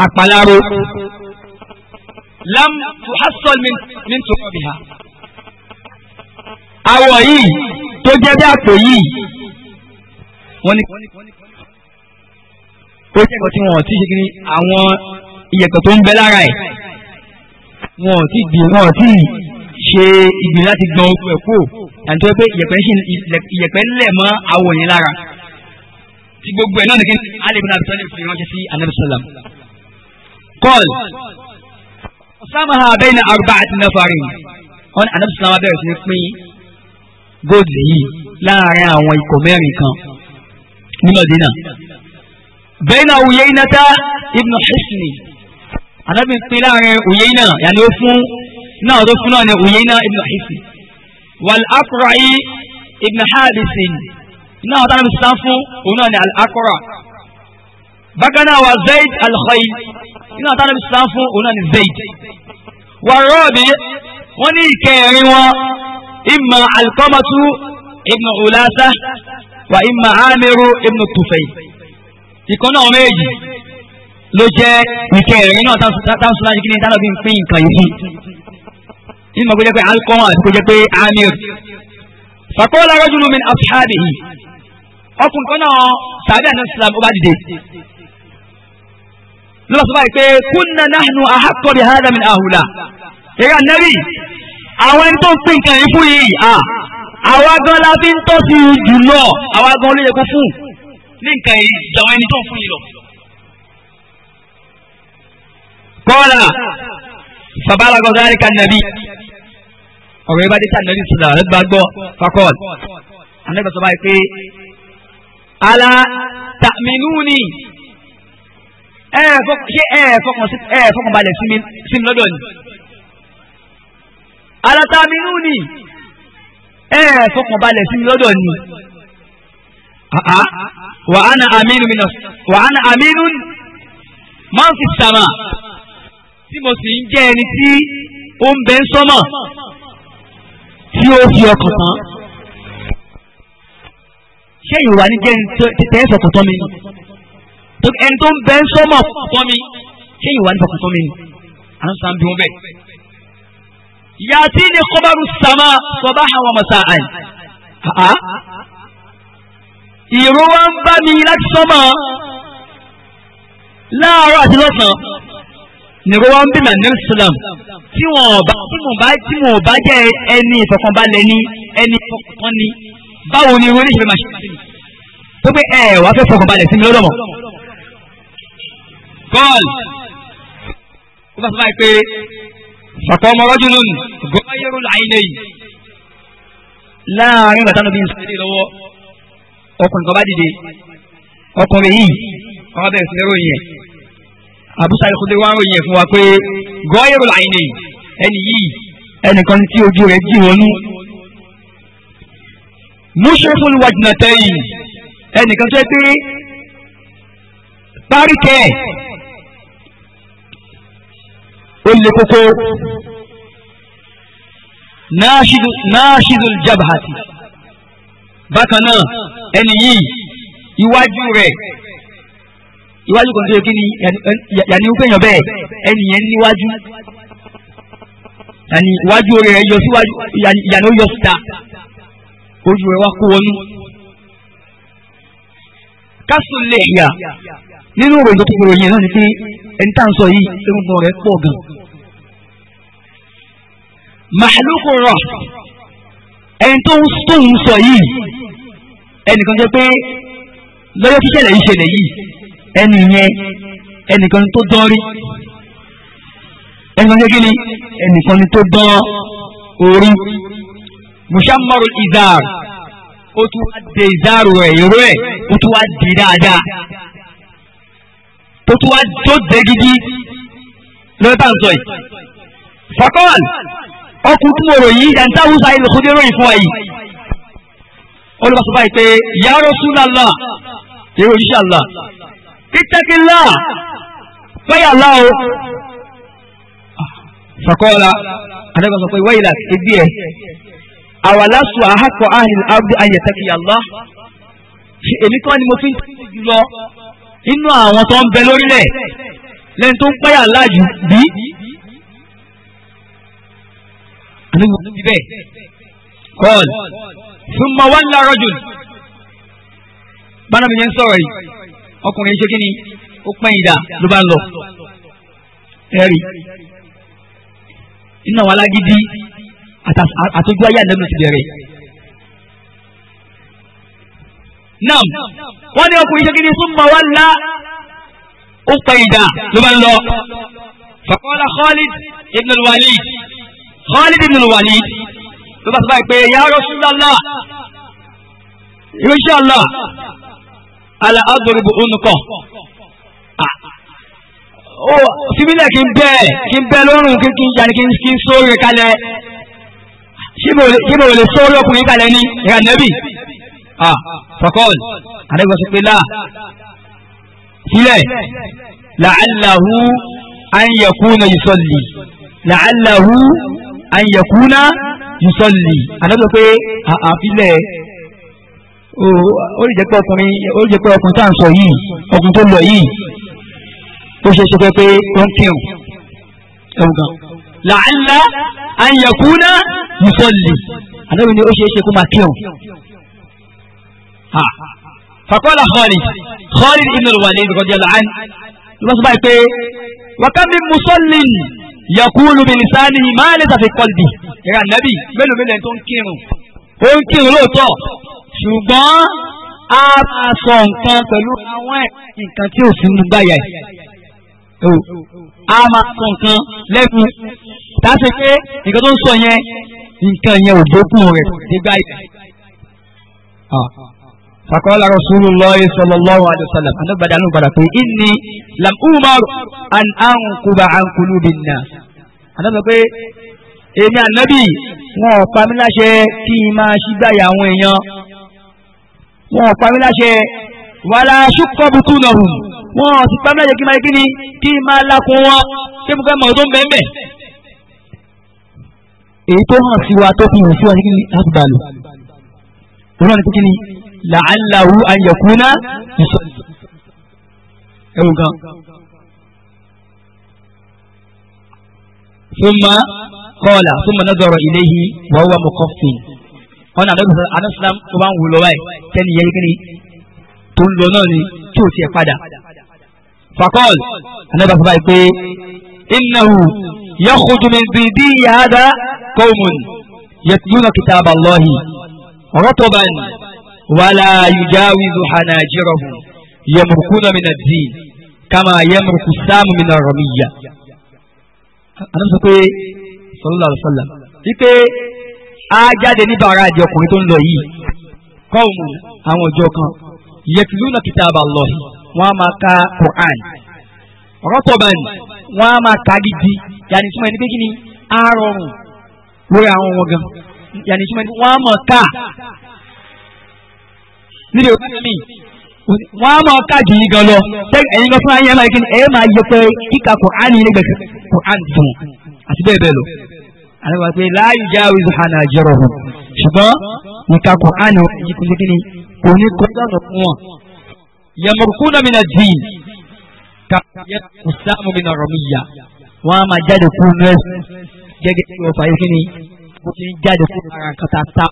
A: àpàláró lam tuhassal min min turabiha. àwọ̀ yìí tó jẹ́ bí àpò yìí wọ́n ní ó jẹ́ nǹkan tí wọ́n ti ṣe kí ni àwọn iyẹ̀pẹ̀ tó ń bẹ lára ẹ̀ wọ́n ti gbìn wọ́n ti ṣe ìgbìn láti gbọn ogun ẹ̀ kó àti pé iyẹ̀pẹ̀ ń lẹ̀ mọ́ àwọ̀ yẹn lára ti gbogbo ẹ̀ náà nìkan alẹ́ bí náà fi ránṣẹ́ sí anabi sallam. kọ́ọ̀lù أقسمها بين أربعة نفرين أنا أنا بسلام أبي أسمي قد لي لا أرى أن يكون أمريكا نمدينة بين أوينة ابن حسني أنا بسلام أوينة يعني أفو نا أفو نا أوينة يعني ابن حسني والأقرع ابن حابس نا أنا بسلام أفو يعني أنا الأقرع بكنا وزيد الخيل iná tá a nàbí sàn fún òun náà ní zayd wàrọ́ọ̀bì wọ́n ní ìkẹrin wọn ìmọ̀ alikọ́mọ́tú ibnu ulasa wa ìmọ̀ amiru ibnu tufay ìkan náà méjì ló jẹ́ ìkẹrin náà táwọn sọ́nà yìí kí ni dáná bí ń pín nǹkan yìí sí ìmọ̀ kó jẹ́ pé alikọ́mọ́ àti kó jẹ́ pé amir fàkọ́lá rajulu min ashabihi ọkùnrin kan náà sàbẹ̀ àti islam ó dìde lọ́wọ́ sọ báyìí pé kúnna nahnu ahaqqu bi hadha min ahula èyí ànábì àwọn ẹni tó ń pín nǹkan yìí fún yìí à àwa gan la fi ń tọ́sí jù lọ àwa gan ló yẹ kó fún ní nǹkan yìí jàwọn ẹni tó ń fún yìí lọ. kọ́lá fàbálà gọ́dọ̀ àríkà nàbí ọ̀rọ̀ yìí bá dé sànàbí sọ̀dà rẹ̀ bá gbọ́ fakọ́l ànábì sọ báyìí pé ala ta'minuni ẹ ẹ fọkàn balẹ̀ sí mi lọ́dọ̀ ni alátaminú ni ẹ ẹ fọkàn balẹ̀ sí mi lọ́dọ̀ ni wà á na aminu mi náà wà á aminu máa ń fi sàmà tí mo sì ń jẹ́ ẹni tí ó ń bẹ ń sọ́mọ̀ tí ó fi ọkàn tán ṣé ìwà ní jẹ́ ẹni tẹ́ tán mi tó ẹni tó ń bẹ ń sọmọ tọ́ mi ṣé ìwà ní bàkútọ́ mi ni à ń san bí wọn bẹ́ẹ̀. yàtí ni kọ́bárù sàmà sọ́bà àwọn ọmọọ̀sá àì. ìró wa ń bá mi láti sọmọ láàárọ̀ àti lọ́sàn-án nìró wa ń bí màní islam tí wọn ò bá tí mo bá tí mo bá jẹ ẹni ìfọkànbalẹ̀ ní ẹni ìfọkànbalẹ̀ ní báwo ni irú oníṣẹ́ máa ṣe tó pé ẹ wàá fẹ́ fọkànbalẹ̀ sí mi lọ́dọ̀ mọ́ gọ́ọ̀lù ó bá sọ báyìí pé
C: ọ̀pọ̀ ọmọ rọ́jú lónìí gọ́ọ̀yẹ́rù
A: láìlẹ̀ yìí láàárín bàtánù bí n sọ́dẹ̀ lọ́wọ́ ọkùnrin kan bá dìde ọkùnrin yìí ọba bẹ̀rẹ̀ sí ní ròyìn ẹ̀ àbúṣà ìkúndé wá ròyìn ẹ̀ fún wa pé gọ́ọ̀yẹ́rù láìlẹ̀ yìí ẹni yìí ẹnìkan tí ojú rẹ̀ dì wọnú mushriful wajnatayn ẹnìkan tó ẹ pé páríkẹ́ ó le kókó náṣídùl jabhati bákan náà ẹni yìí iwájú rẹ̀ iwájú kan tó yẹ kí ni yàní wípé yàn bẹ́ẹ̀ ẹni yẹn níwájú yàní iwájú rẹ̀ yọ síwájú yàní ó yọ síta ojú rẹ̀ wá kó wọnú. kásùn lè yà nínú ìròyìn tó kúrò yẹn náà ni pé ẹni tá à ń sọ yìí egungun rẹ̀ pọ̀ gan-an màálùkù rọ ẹni tó ń tóun sọ yìí ẹnìkan jẹ́ pé lọ́yọ́ tíṣẹ̀lẹ̀ yìí ṣẹlẹ̀ yìí ẹni yẹn ẹnìkan tó dán rí ẹnìkan jẹ́ kíni ẹnìkan tó dán orí mùsàmọ́rù ìdáàr ó tún wá de ìdáàrù rẹ̀ ìró ẹ̀ ó tún wá di dáadáa tó tún wá tó dé lọ́yọ́ tá à ń sọ yìí fakọ́ọ̀lù ọkùn tí mo rò yìí ẹ̀ ń tá wúsa ilẹ̀ kó dé ròyìn fún ẹ yìí olùbàṣọ báyìí pé ya Rasulullah èrò òṣìṣẹ́ àlá ìtẹ́kìlá fẹ́yà lá o fàkọ́ọ́lá adébọ̀ sọ pé wáyìlá ibi ẹ̀ àwàlásù àhàkọ́ àhìn abdi ayẹ̀tẹ́kìlá lọ èmi kan ni mo fi ń tẹ́lẹ̀ jùlọ inú àwọn tó ń bẹ lórílẹ̀ lẹ́yìn tó ń pẹ́yà láàjù bí ànábì kò sí bẹ́ẹ̀ kọ́ọ̀lù thumma walla rajul bánabi yẹn sọ̀rọ̀ yìí ọkùnrin ṣe kí ni ó pẹ́yìn dà ló bá lọ ẹ̀rí iná wa lágídí àtọ́jú ayé ànábì ti bẹ̀rẹ̀ náà wọ́n ní ọkùnrin ṣe kí ni thumma walla ó pẹ́yìn dà ló bá lọ. فقال خالد ابن الوليد Khalid ibn Walid ló bá يا رسول الله، ya شاء الله ala adribu unuqa ó síbílẹ̀ kí n bẹ́ẹ̀ kí n bẹ́ẹ̀ lọ́rùn kí n yà kí n sóore kalẹ̀ ṣé mo lè sóore ọkùnrin kalẹ̀ ní ìhà nẹ́bì fakọ́ọ̀lù àdégbàsókèlá sílẹ̀ làálàhù an yakuna yusalli làálàhù àyẹ̀kúná yùsọ̀lì àdájọ́ pé àfilẹ̀ ó lè jẹ́ pé ọkùnrin ó lè jẹ́ pé ọkùnrin tá à ń sọ yìí ọkùnrin tó lọ yìí ó ṣe ṣe pé ó ń kírun ẹ̀wù gan. làálà àyẹ̀kúná yùsọ̀lì àdájọ́ ni ó ṣe ṣe kó máa kírun. فقال خالد خالد بن الوليد رضي الله عنه الله سبحانه وكم من مصلٍ yakulu bilisani máa lè sàfi kọlbì ìrà nàbì mélòó mélòó tó ń kírun ó ń kírun lóòótọ́ ṣùgbọ́n a máa sọ nǹkan pẹ̀lú àwọn nǹkan tí ò sí nínú gbáyà ẹ̀ a máa sọ nǹkan lẹ́nu dáṣe pé nǹkan tó ń sọ yẹn nǹkan yẹn ò dókun rẹ̀ nígbà yẹn. فقال رسول الله صلى الله عليه وسلم أنا بدأ بدأ إني لم أمر أن أنقب عن قلوب الناس أنا بقول إني النبي wọn ò pa mí láṣẹ kí n máa ṣígbàyà àwọn èèyàn wọn ò pa mí láṣẹ wàhálà ṣùkọ́bùtù nọ̀rùn wọn ò sì pa mí láṣẹ kí n máa kí ni kí n máa lakun wọn kí n fẹ́ mọ̀ tó ń èyí tó hàn sí wa tó fi hàn sí wa ní kí ni àbúgbà lò òun náà ní kí ni làálàwù ayẹ̀kúnná ìsọ. ẹ̀wù kan. súnmọ́ kọ́ọ̀là súnmọ́ nọ́dọ̀rọ̀ ìléyìí wọ́n wà mọ́ kọ́fìn. wọ́n náà lọ́dún sọ́dọ̀ anásílám tó bá ń wù lọ́wọ́ ẹ̀ tẹ́ni yẹ́ kí ni tó ń lọ náà ni tí ò tiẹ̀ padà. fakọ́ọ̀l anábà báyìí pé innahu yakhruju min bidi hadha qawmun yatluna kitaba Allahi rataban wala yujawizu hanajirahum yamurkuna min ad-din kama yamurku sáàmù min ar-ramiyya. àná sọ pé sallallahu alaihi wasallam wípé a jáde ní bàrà àdì ọkùnrin tó ń lọ yìí kọ́ọ̀mù àwọn ọjọ́ kan yatluna kitaballahi wọ́n á máa ka Qur'an rọ́pọ̀bàn wọ́n á máa ka gidi yàní súnmọ́ ẹni pé kí ni á rọrùn lórí àwọn wọn gan yàní súnmọ́ ẹni wọ́n á máa ka nídìí òbí mi wọ́n á máa káàdì yìí gan lọ sẹ́yìn ẹ̀yin gan fún ayé máa kí ni ẹ̀yẹ́ máa yẹ pé kíka kùránì nígbà tí kùránì dùn àti bẹ́ẹ̀ bẹ́ẹ̀ lọ. àlewà pé láàyè já wíṣọ hànà jọrọ hù ṣùgbọ́n kíka kùránì yìí kò sí kí ni kò ní kó sọ̀rọ̀ fún wọn. yamurku na mina dì ka yẹ kò sáàmù mi nọ̀rọ̀ mi yá wọ́n á máa jáde fún nọ́ọ̀sì gẹ́gẹ́ bí ọ̀fà yìí kí ni kò ní jáde fún ara kàtà tá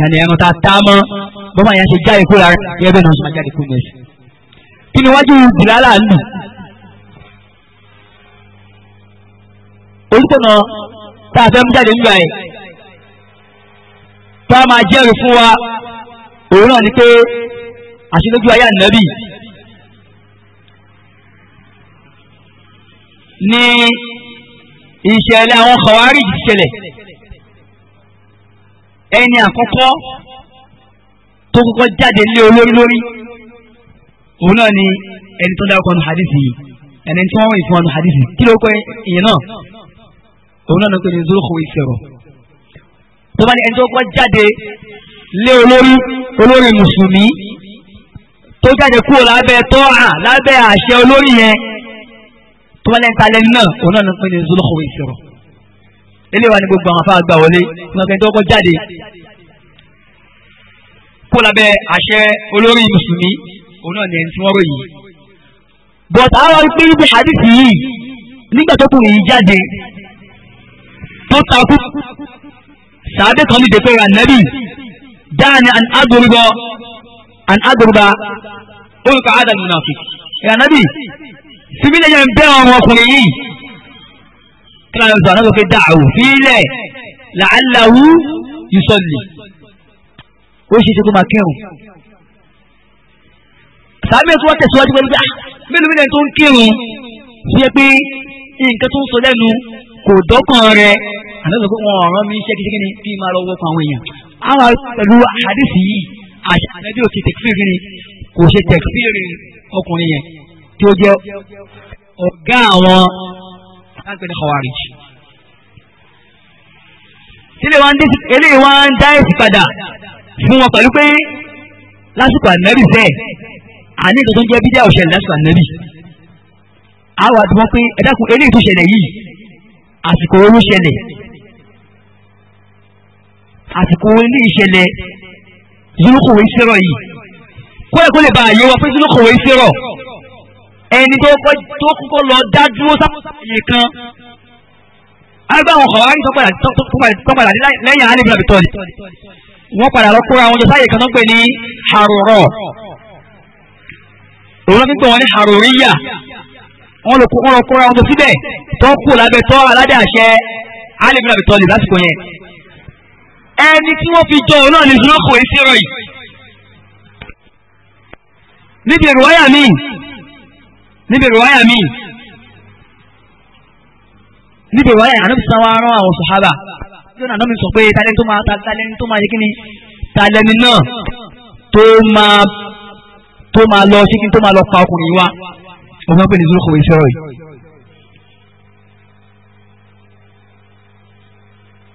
A: yàní ẹran tá a tá a mọ́ bọ́mọ yẹn ṣe jáde kó lára yẹn bẹ́ẹ̀ náà ṣe máa jáde kó mẹ́sì. kí ni wájú bìlálà lù? orúkọ̀nà tá a fẹ́ mú jáde nígbà yẹn tá a máa jẹ́rìí fún wa òun náà ni pé àṣelójú ayé ànábì ni ìṣẹ̀lẹ̀ àwọn kọ̀wárì ṣẹlẹ̀ ẹni àkọ́kọ́ tó kọ́kọ́ jáde lé olórí lórí òun náà ni ẹni tó dákọ̀ nù hadith yìí ẹni tí wọ́n wọ̀ ìfún ọ̀nà hadith kí ló kọ́ ìyẹn náà òun náà lọ́kọ̀ ní zolokò ìṣòro tó bá ní ẹni tó kọ́kọ́ jáde lé olórí olórí mùsùlùmí tó jáde kúrò lábẹ́ tọ́ra lábẹ́ àṣẹ olórí yẹn tó bá ní ẹni tá lẹ́ni náà òun náà lọ́kọ̀ ní zolokò ìṣòro eléwà ni gbogbo àwọn afáàgbà wọlé ìgbàgbé tó kọ́ jáde kó lábẹ́ àṣẹ olórí mùsùlùmí òun náà ní ẹni tí wọ́n ròyìn. but àwọn pé ibi àdìsí yìí nígbà tó kùnrin yìí jáde tó takú sàádé kan ní dèpé ànábì dáàni an agbórúbọ an agbórúbá orúkọ ádàlú náà fi. ìyànnábì síbí lẹ́yìn bẹ́ẹ̀ ọmọkùnrin yìí kíláà yóò sọ àná lókè dàáwò fílẹ̀ làálàwù yusolli ó ṣe ṣe kó máa kírun sàbẹ̀ tí wọ́n tẹ̀síwájú pẹ̀lú pé ah, mélòó mílíọ̀nù tó ń kírun sí ẹ pé nǹkan tó ń sọ lẹ́nu kò dọ́kàn rẹ àlọ́ sọ pé wọn ọ̀ràn mi ṣe kíkí ni kí n máa lọ wọ́pọ̀ àwọn èèyàn àwọn pẹ̀lú àdìsí yìí àṣàbẹ̀bí òkè tẹ̀kífìrì ni
B: kò ṣe tẹ̀kífìrì
A: ọkùnrin yẹn tí jẹ́ ọ̀gá àwọn láti pẹ́ ní khawarij. eléyìí wá ń dá èsì padà fún wọn pẹ̀lú pé lásìkò ànábì bẹ́ẹ̀ àní ìtọ́jú jẹ́ bídíà òṣèlú lásìkò ànábì. àwọn àti wọn pé ẹ dákun eléyìí tó ṣẹlẹ̀ yìí àsìkò oró ṣẹlẹ̀ àsìkò ilé ìṣẹ̀lẹ̀ zulukowé sírọ̀ yìí kó lè kó lè bá àyè wa pé zulukowé sírọ̀ ẹni tó kọ́kọ́ lọ dá dúró sáfòsàyè kan agbá àwọn ọ̀hán ní tọ́padà lẹ́yìn alẹ́ bíi tọ́lì wọ́n padà lọ kóra àwọn jọ́sáyè kan tó ń pè ní harorọ̀ òun ló fi ń pè wọ́n ní haroríyà wọ́n lọ kóra àwọn tó síbẹ̀ tó kù lábẹ́ tọ́ aládẹ́ àṣẹ alẹ́ bíi tọ́lì lásìkò yẹn ẹni tí wọ́n fi jọ òun náà ní sinọ́kù èsì yìí níbi ìrùwáyà míì níbi ìrọ̀wáyà míì níbi ìrọ̀wáyà ànábì rán àwọn sọ̀hábà yóò nàánú mi sọ pé talẹ́ni tó máa talẹ́ni tó máa yẹ kíni talẹ́ni náà tó máa tó máa lọ sí kíni tó máa lọ pa ọkùnrin wa ọmọ pé ní zolokò wẹ̀ sọ̀rọ̀ yìí.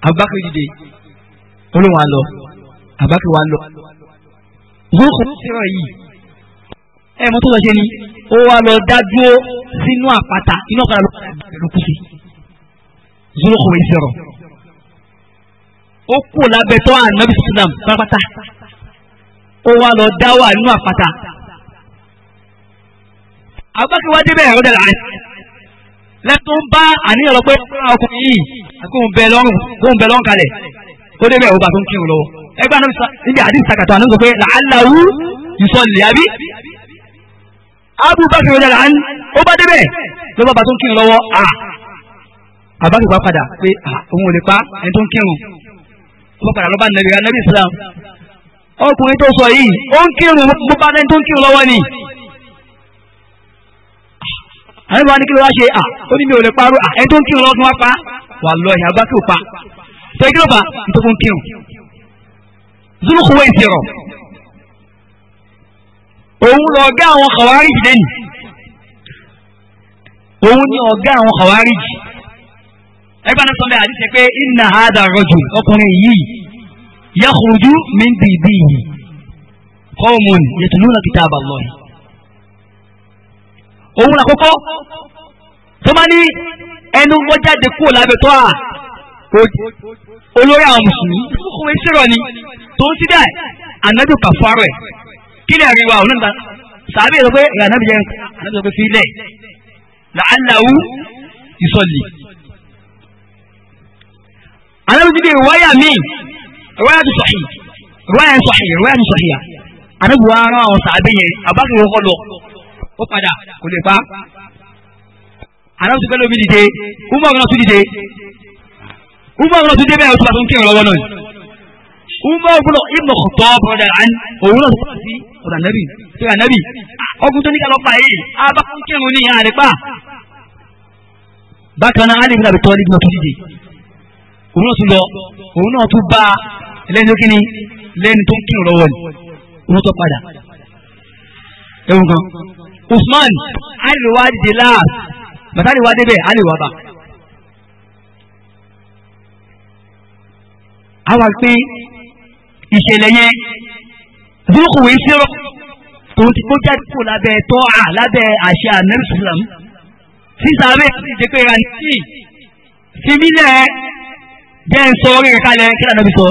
A: abubakar dìde olóhùn wa abubakar wa lọ zolokò wẹ̀ sọ̀rọ̀ yìí ẹ̀ mọ́tò lọ ṣe ni ó wá lọ dájú sínú àpáta inú ọ̀kadà ló padà bá rẹ̀ kú sí zoro kò wáyé sọ̀rọ̀ ó kú lábẹ́tọ́ ànábì sùdàm pátápátá ó wá lọ dá wà nínú àpáta àgbàkí wá débẹ̀ ẹ̀rọ dẹ̀lá rẹ̀ lẹ́tọ́ ń bá àníyàn lọ pé ọkùnrin yìí àkóhùn bẹ lọ́rùn kóhùn bẹ lọ́rùn kalẹ̀ ó débẹ̀ ẹ̀rọ bàtún kírun lọ́wọ́ ẹgbẹ́ àná níbi àdìsí sàkàtà àná sọ pé làálàá wú ìsọ̀lẹ̀ àbí abubakar ọjà làn ó bá débẹ̀ ló bá bá tó ń kírun lọ́wọ́ à àbákì pa padà pé òun ò lè pa ẹni tó ń kírun ó bá padà lọ́ba nàbí nàbí islam ọkùnrin tó sọ yìí ó ń kírun mo bá ẹni tó ń kírun lọ́wọ́ ni àwọn ìbára ní kí ló wá ṣe à ó ní mi ò lè parọ́ à ẹni tó ń kírun lọ́wọ́ tó wá pa wà lọ ìyá abákì ò pa tẹ́gílọ́ba nítorí ó ń kírun zulukuwe ìṣirò òun lọ ọ̀gá àwọn khawarij lẹ́nu òun ni ọ̀gá àwọn khawarij ẹgbẹ́ náà sọ bẹ́ẹ̀ àti ṣe pé inna hadha rajul ọkùnrin yìí yakhruju min didihi qawmun yatluna kitab Allah òun àkọ́kọ́ tó bá ní ẹnu wọ́n kúrò lábẹ́ tó à olórí àwọn mùsùlùmí fún ìṣirò ni tó ń ti dá ànájò kàfọ́ rẹ̀ kí ni àríwá òun nígbà sàbí ìsọ pé ìyá anábì jẹ anábì sọ pé fílẹ̀ làálàú ìsọ̀lì. anábì ti di ìwáyà míì ìwáyà ti sọ̀hì ìwáyà ti sọ̀hì ìwáyà ti sọ̀hì à anábì wa rán àwọn sàbí yẹn àbáṣe wọn kọ lọ ó padà kò lè pa anábì ti fẹ́ lómi dìde umar náà tún dìde umar náà tún dé bẹ́ẹ̀ oṣù bàtún kí ìrànlọ́wọ́ náà umar ibn Khattab brother and ọ̀dà nẹ́bì pé ànẹ́bì ọkùn tó ní ká lọ pa yìí abákùn kírun ní ìyá rẹ̀ pa. bákan náà alẹ́ ìgbàgbé tọ́lí náà tún dìde òun náà tún lọ òun náà tún bá lẹ́ni tó kíni lẹ́ni tó ń kírun lọ́wọ́ ni òun tó padà. ẹ̀wọ̀n kan Usman alẹ́ wa dìde láàbù bàtà alẹ́ wa débẹ̀ alẹ́ wa bá. àwa pé ìṣẹ̀lẹ̀ yẹn dúkù wí sírọ̀ tòun ti kó jáde kó lábẹ́ tọ́ à lábẹ́ àṣẹ àmẹ́rìsìlám sísá abẹ́ àtijọ́ pé ra nìyí fìmílẹ̀ jẹ́ ń sọ orí kalẹ̀ kí lànà bí sọ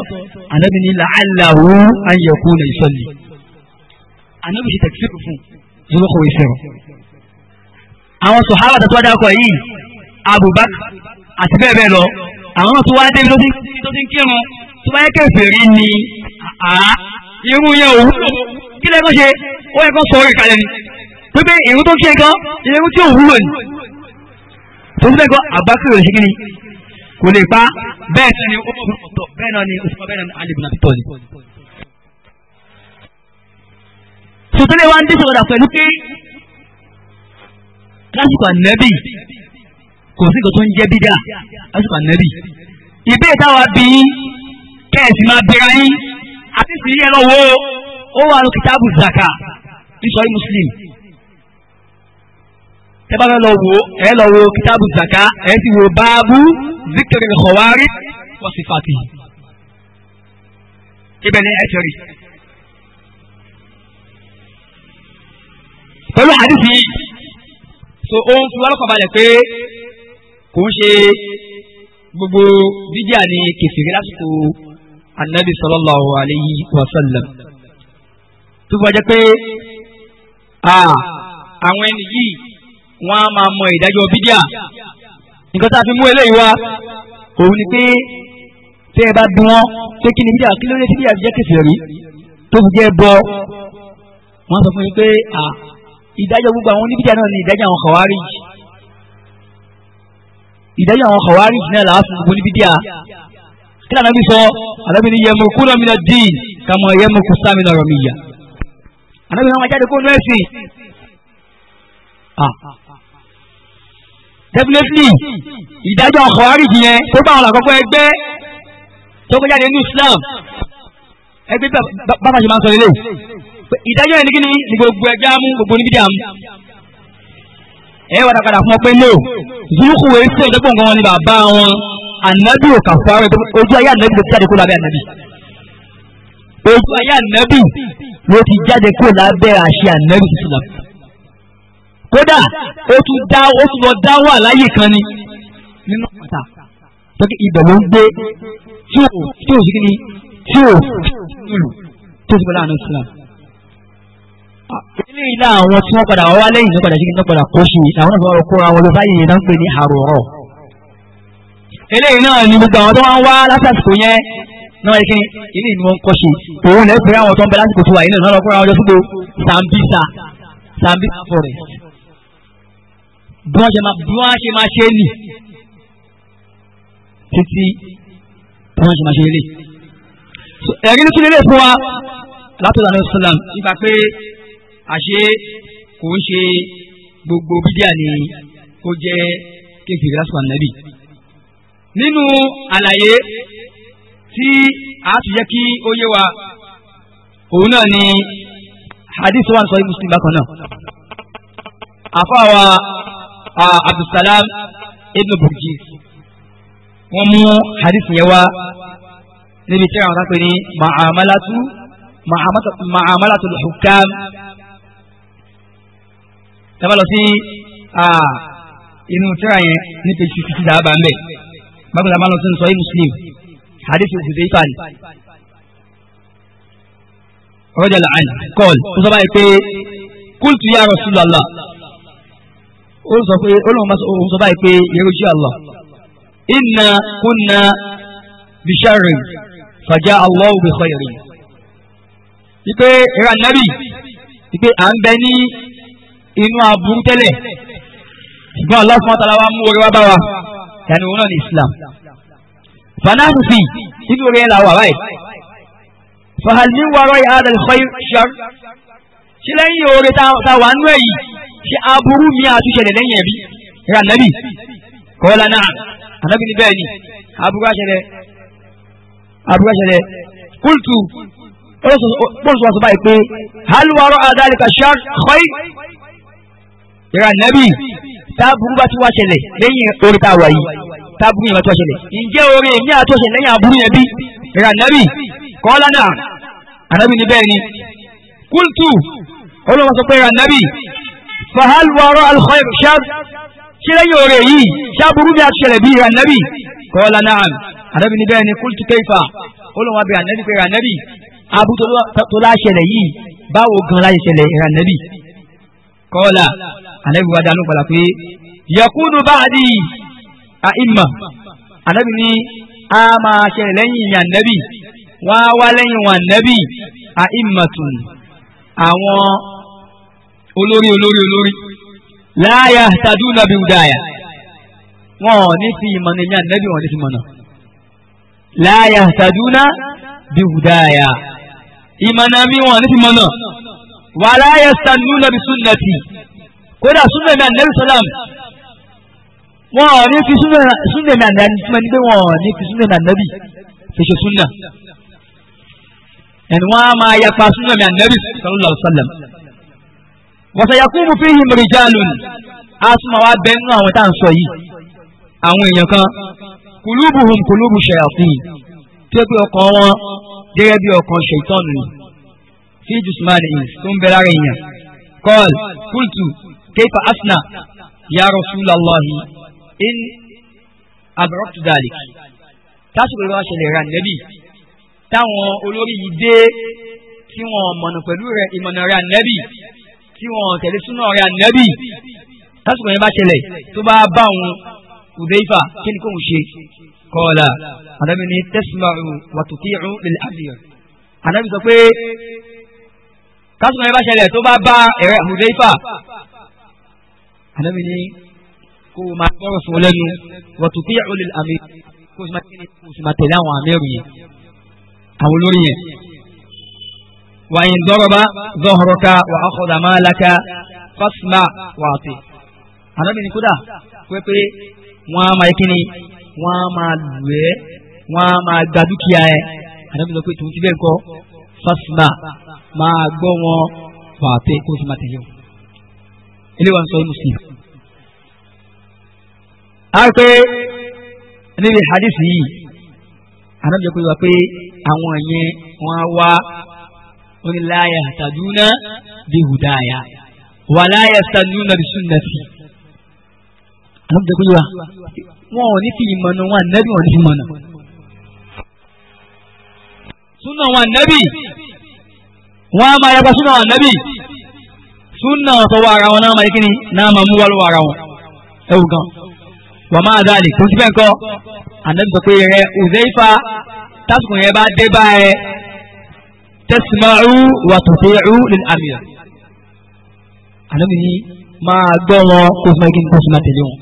A: ànábi ní làálàwù ayẹ̀kú nà ìsọ̀lì ànábi ṣe tẹ̀síkù fún dúkù wí sírọ̀ àwọn sọ̀hábà tó wájà kọ yìí Abubakar àti bẹ́ẹ̀ bẹ́ẹ̀ lọ àwọn tó wá dé tó ti ń kírun tó bá yẹ kẹfẹ́ rí ni àá irú yẹn òwú kí lẹ́ẹ̀kan ṣe ó yẹ kán sọ orí kalẹ̀ ni pépé irun tó kí ẹ kan irun tí òwú lò ní. tòun bẹ́ẹ̀ kọ́ àbákùrò ṣe kíni kò lè pa
C: bẹ́ẹ̀ náà ni ó tọ̀
A: bẹ́ẹ̀ náà ni òṣùpá bẹ́ẹ̀ náà ni alẹ́ bùnà ti tọ̀ ni. sòtẹ́lẹ̀ wa ń dé sọ̀rọ̀ pẹ̀lú pé lásìkò ànẹ́bì kò sí nǹkan tó ń jẹ́ bídà lásìkò ànẹ́bì ìbéè táwa bí kẹ́ẹ̀sì máa bẹ̀rẹ̀ yín àdìsí yẹ lọ wo ó wà ní kìtàbù zaka nísọ̀rí muslim tẹ́ bá lọ wo ẹ lọ wo kitabu zaka ẹ sì wo báàbù zikiri kọ̀wárí wọ́sífàtì ibẹ̀ ni ẹ ti rí. pẹ̀lú so ohun tí wọ́n kọ́ balẹ̀ pé kò ń ṣe gbogbo bídíà ni kèfèrí lásìkò anabi sallallahu alayhi wa sallam tó bá jẹ́ pé àwọn ẹni yìí wọ́n á máa mọ ìdájọ́ bídíà nǹkan tá a fi mú eléyìí wá òun ni pé tẹ́ ẹ bá dùn wọ́n pé kí ni bídíà kí ló dé sí bídíà fi jẹ́ kẹsì rí tó fi jẹ́ bọ́ wọ́n sọ fún mi pé ìdájọ́ gbogbo àwọn oníbídíà náà ni ìdájọ́ àwọn kọ̀wárìjì ìdájọ́ àwọn kọ̀wárìjì náà làá gbogbo oníbídíà kí lànà bí sọ àlọ́bí ni yẹmu kúrò mi náà dì í kàmọ́ yẹmu kù sámi náà rọ̀ mi yá. àlọ́bí náà wọ́n jáde kó nọ́ọ̀sì. definitely ìdájọ́ àkọ́wárí yẹn tó bá àwọn àkọ́kọ́ ẹgbẹ́ tó kọjá ní Islam ẹgbẹ́ bàbá ṣe máa ń sọ lélẹ̀ ìdájọ́ yẹn ní kíni ní gbogbo ẹgbẹ́ amú gbogbo níbi dàmú ẹ wà dàgbàdà fún ọ pé no zuluku wo ṣe ìdẹ́gbọ̀n kan wọn ni bàbá eh, wọn ànábì ò kà fún àwọn ojú ayé ànábì ló ti jáde kó lábẹ́ ànábì ojú ayé ànábì ló ti jáde kó lábẹ́ àṣẹ ànábì tuntun kódà ó tún dá ó tún lọ dá wà láyè kan ni nínú pàtà tọ́kì ibẹ̀ ló ń gbé tí ò tí ò sí kíni tí ò lù tó ti bọ́ láàánú islam. ilé ilé àwọn tí wọ́n padà wá lẹ́yìn ní padà sí kí n náà padà kó sí àwọn náà fi wọ́n kó àwọn náà ń pè ní àròrọ̀ eléyìí náà ni gbogbo àwọn tó wá ń wá lásàkó yẹn náà yẹ kí ilé ìlú wọn kọ́ ṣe òun lè pèrè àwọn tó ń bẹ lásìkò tó wà yìí náà lọ́kùnrin àwọn ọjọ́ fúnpo sambisa sambisa forest bí wọ́n ṣe máa bí wọ́n ṣe máa ṣe é nì títí bí wọ́n ṣe máa ṣe é lè. ẹ̀rí nítorí lè fún wa látọ̀dọ̀ àlọ́ sọ́làm nípa pé àṣé kò ń ṣe gbogbo bídíà ni ó jẹ́ kéfì rásùn ànábì nínú àlàyé tí a tún yẹ kí ó yé wa òun náà ni hadith wa sọ muslim bákan náà àfàwà abdulsalam ibn burji wọn mú hadith yẹn wá níbi tí àwọn akpè ní ma'amalatu ma'amalatu hukam tábàlọ́ sí inú tíra yẹn ní page fifty dábàá mbẹ́ bákan náà lọ́sìn sọ muslim hadith huzaifa ni. rọ́jà làn kọ́ọ̀l ó sọ báyìí pé kúlùtù ya Rasulullah ó sọ pé ó sọ báyìí pé yeruji allah inna kunna bisharri fàjà allah bi khayri. wípé ìran nabi wípé à ń bẹ ní inú aburú tẹ́lẹ̀ ṣùgbọ́n Allah wa ta'ala wa wa bá wa yàní òun náà ní islam fanáàfù fi ibi orí ẹ̀ là wà báyìí fahali wàrọ̀ yà á dàlí fayir ṣar ṣe lẹ́yìn oore ta wà nú ẹ̀ yìí ṣe aburú mi àtúnṣe lẹ̀ lẹ́yìn ẹ̀bí rà nàbì kọ́lá náà ànábì ni bẹ́ẹ̀ ni aburú àṣẹlẹ̀ aburú àṣẹlẹ̀ kúlùtù bọ́ọ̀sù wàásù báyìí pé hali wàrọ̀ àdàlí ka ṣar fayir rà nàbì táàbùrú bá ti wá ṣẹlẹ̀ lẹ́yìn orí tá a wà yìí táàbùrú yẹn bá ti wá ṣẹlẹ̀ ǹjẹ́ orí èmi àtúnṣe lẹ́yìn àbúrú yẹn bí rẹ̀ ànábì kọ́lá náà ànábì ní bẹ́ẹ̀ ni kúltù olóòwò sọ pé rẹ̀ ànábì fahal wàrọ̀ alkhayr ṣáà ṣe lẹ́yìn orí yìí ṣáàbùrú bí àtúnṣe lẹ̀ bí rẹ̀ ànábì kọ́lá náà ànábì ní bẹ́ẹ̀ ni kúltù kayfa olóòwò abẹ́ ànábì kọ́lá anabi wa dànù padà pé yakunu báàdì àìmà anabi ni a máa ṣẹlẹ̀ lẹ́yìn ìyàn nẹ́bì wọ́n á wá lẹ́yìn wọn nẹ́bì àìmà tún àwọn olórí olórí olórí láàyà tàdúnà bí wùdáyà wọn ò ní fi ìmọ̀ ní ìyàn wọn ní fi mọ̀nà láàyà tàdúnà bí wùdáyà ìmọ̀ náà wọn ní fi mọ̀nà wàláyà tàdúnà bí súnnàtì kódà súnmẹ̀ mi ànẹ́bí sọ́lám wọn ò ní fi súnmẹ̀ mi ànẹ́bí tí wọ́n ní pé wọn ò ní fi súnmẹ̀ mi ànẹ́bí fèsì súnà ẹni wọn á máa yapa súnmẹ̀ mi ànẹ́bí sallallahu alaihi wasallam wasayakumu fihim rijalun asuma wa bẹ nínú àwọn tá à ń sọ yìí àwọn èèyàn kan kulubuhum kulubu shayatin tí ó bí ọkàn wọn gẹ́gẹ́ bí ọkàn ṣètọ́nù ni fi jùsùmáàdì tó ń bẹ lára èèyàn kọ́ọ̀lù kúlùtù كيف أفنى يا رسول الله إن أدركت ذلك تاسو لو شلي ران نبي táwọn olórí yìí dé tí wọn mọ̀nà pẹ̀lú rẹ ìmọ̀nà rẹ ànẹ́bì tí wọn tẹ̀lé súnà rẹ ànẹ́bì lásìkò yẹn bá ṣẹlẹ̀ tó bá bá òun Hudayfa kí ni kóun ṣe kọ́ọ̀là ànábì ní tasma'u wa tuti'u lil amir ànábì sọ pé lásìkò yẹn bá ṣẹlẹ̀ tó bá bá ẹ̀rẹ́ Hudayfa ànábì ní kó o máa gbọ́rọ̀ fún lẹ́nu wọ́n tún kí olè àmì kó o sì máa tẹ̀lé kó o sì máa tẹ̀lé àwọn àmẹ́rù yẹn àwọn olórí yẹn. wàyìn dọ́rọ̀bá zọ́họ̀rọ̀ká wà á kọ̀dà máa laka fásmà wà á tè. ànábì ní kódà pépé wọ́n á máa kíni wọ́n á máa lù ẹ́ wọ́n á máa gba dúkìá ẹ̀ ànábì lọ pé tòun ti bẹ́ẹ̀ o ilé wa sọ ọ́nù sí i. a pé níbi hadisi yìí anábìyẹ pé wá pé àwọn yẹn wọn á wá wọn ni láyà tàdúnà bí hùdáyà wà láyà tàdúnà bí sunnati. anábìyẹ pé wá wọn ò ní fi ìmọ̀nà wọn ànábì wọn ní fi mọ̀nà. sunna wọn ànábì wọn á máa yàgbá sunna wọn ànábì súnà sọwọ́ ara wọn náà máa kí ni náà máa mú wá lọ́wọ́ ara wọn ẹ̀wù gan. wàá máa dáàlì kò sí bẹ́ẹ̀ kọ́ ànábì sọ pé rẹ Uzaifa tásìkò yẹn bá dé bá ẹ tasma'u wa tuti'u lil amir. ànábì yìí máa gbọ́ wọn kó fún ẹgbẹ́ nǹkan fún àtẹ̀lé wọn.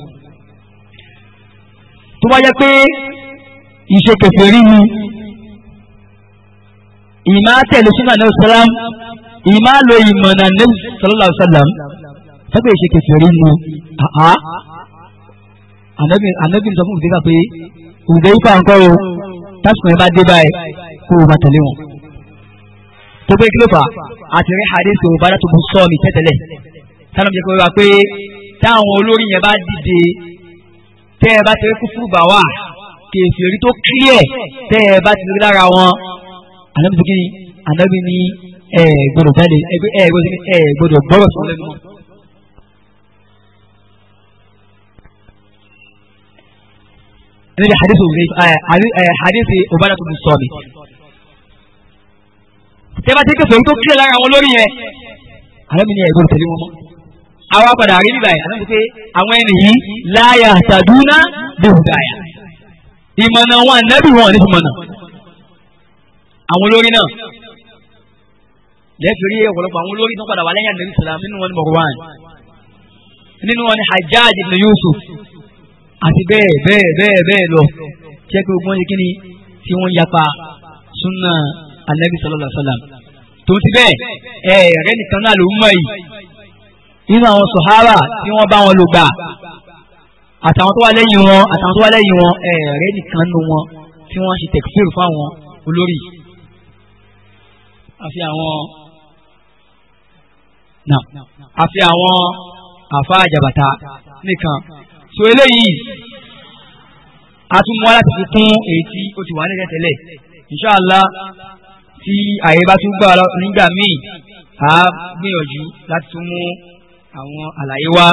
A: tó bá yẹ pé ìṣe kẹfẹ́ rí ni ìmáa tẹ̀lé súnà náà sọ́lá ìmá lo ìmọ̀nà nabi sallallahu alaihi wasallam sọ́kè ṣe kẹfìrí mu àá anabi anabi sọ fún òdìgbà pé òdè ipa nǹkan o tásìkò yẹn bá dé báyìí kó o bá tẹ̀lé wọn. tó pé kíló fà àti rí hadith òun bára tó bú sọ́ọ̀mì tẹ́tẹ̀lẹ̀ sálọ́mù jẹ́ pé wá pé táwọn olórí yẹn bá dìde tẹ́ ẹ bá ti kúfúrú bá wà kẹfìrí tó kílíẹ̀ tẹ́ ẹ bá ti rí lára wọn anabi ni ẹ gbọ́dọ̀ jáde ẹ gbọ́dọ̀ gbọ́dọ̀ sọ lẹ́nu. níbi hadith òwe hadith òbára tó sọ mi. tẹ́lá tí kẹsàn-án tó kílẹ̀ lára àwọn olórí yẹn alámi ni ẹ gbọ́dọ̀ tẹ̀lé wọn mọ́. àwa padà rí nígbà yẹn alámi pé àwọn ẹni yìí láyà tàdúnà bẹ̀rùdáyà ìmọ̀nà wọn ànábì wọn ní ìmọ̀nà àwọn olórí náà lẹ́ẹ̀kiri ọ̀pọ̀lọpọ̀ àwọn olórí tó padà wà lẹ́yìn àdéhùn sàlám nínú wọn ni Marwan nínú wọn ni Hajjaj ibn Yusuf àti bẹ́ẹ̀ bẹ́ẹ̀ bẹ́ẹ̀ bẹ́ẹ̀ lọ jẹ́ pé gbogbo kíni tí wọ́n yapa sunna anabi sallallahu alaihi wasallam tó ti bẹ́ẹ̀ ẹ̀ rẹ́ nìkan náà ló ń mọ̀ yìí nínú àwọn sọ̀hárà tí wọ́n bá wọn lò gbà àtàwọn tó wà lẹ́yìn wọn àtàwọn tó wà lẹ́yìn wọn ẹ̀ rẹ́ nìkan nu wọn tí wọ́n ṣe tẹ̀kífèrè fáwọn olórí àfi àwọn náà àfi àwọn àfa àjàbàtà nìkan so eléyìí a tún mú aláti fi kún èyí tí ó ti wà nílẹ̀ tẹ́lẹ̀ inṣàlá tí àyè bá tún gbà nígbà míì a gbìyànjú láti tún mú àwọn àlàyé wa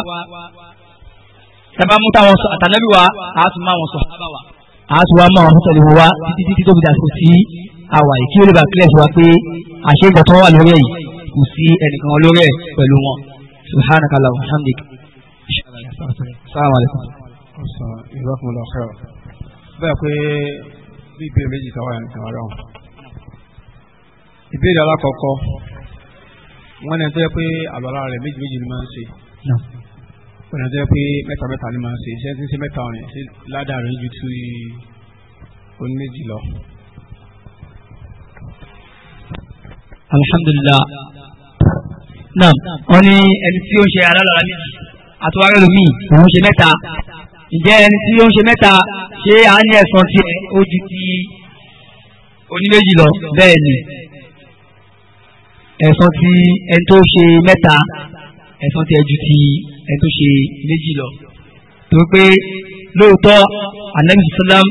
A: tabamu táwọn àtàlẹ́bí wa a tún mú àwọn sọ̀rọ̀ wa a tún wá mú àwọn sọ̀tẹ̀lẹ̀ wa títí títí tó fi dàsìkò sí àwàyè kí ó lè bá kílẹ̀ fún wa pé àṣẹ ìgbà wà lórí ẹ̀yìn kò sí ẹnìkan olórí ẹ̀ pẹ̀lú wọn subhanaka allahumma wa hamdik. assalamu alaikum. jazakumullahu khairan. bẹ́ẹ̀ pé bí ìbéèrè méjì táwọn ẹni kan rẹ̀ wọn. ìbéèrè alákọ̀ọ́kọ́ wọ́n ní ẹni tó yẹ pé àlọ́lá rẹ̀ méjì méjì ni máa ń ṣe ọ̀nà tó yẹ pé mẹ́ta mẹ́ta ni máa ń ṣe iṣẹ́ tí ṣe mẹ́ta ọ̀rìn sí ládàrin ju tí oní méjì lọ.
C: alhamdulillah
A: náà wọ́n ní ẹni tí ó ń ṣe alálàlá méjì àtúwárẹ́ lómi òun ṣe mẹ́ta ǹjẹ́ ẹni tí ó ń ṣe mẹ́ta ṣé à ń ní ẹ̀sán tí ó ju ti oníméjì lọ bẹ́ẹ̀ ni ẹ̀sán tí ẹni tó ṣe mẹ́ta ẹ̀sán tí ẹ ju ti ẹni tó ṣe méjì lọ tó pé lóòótọ́ anabi sallam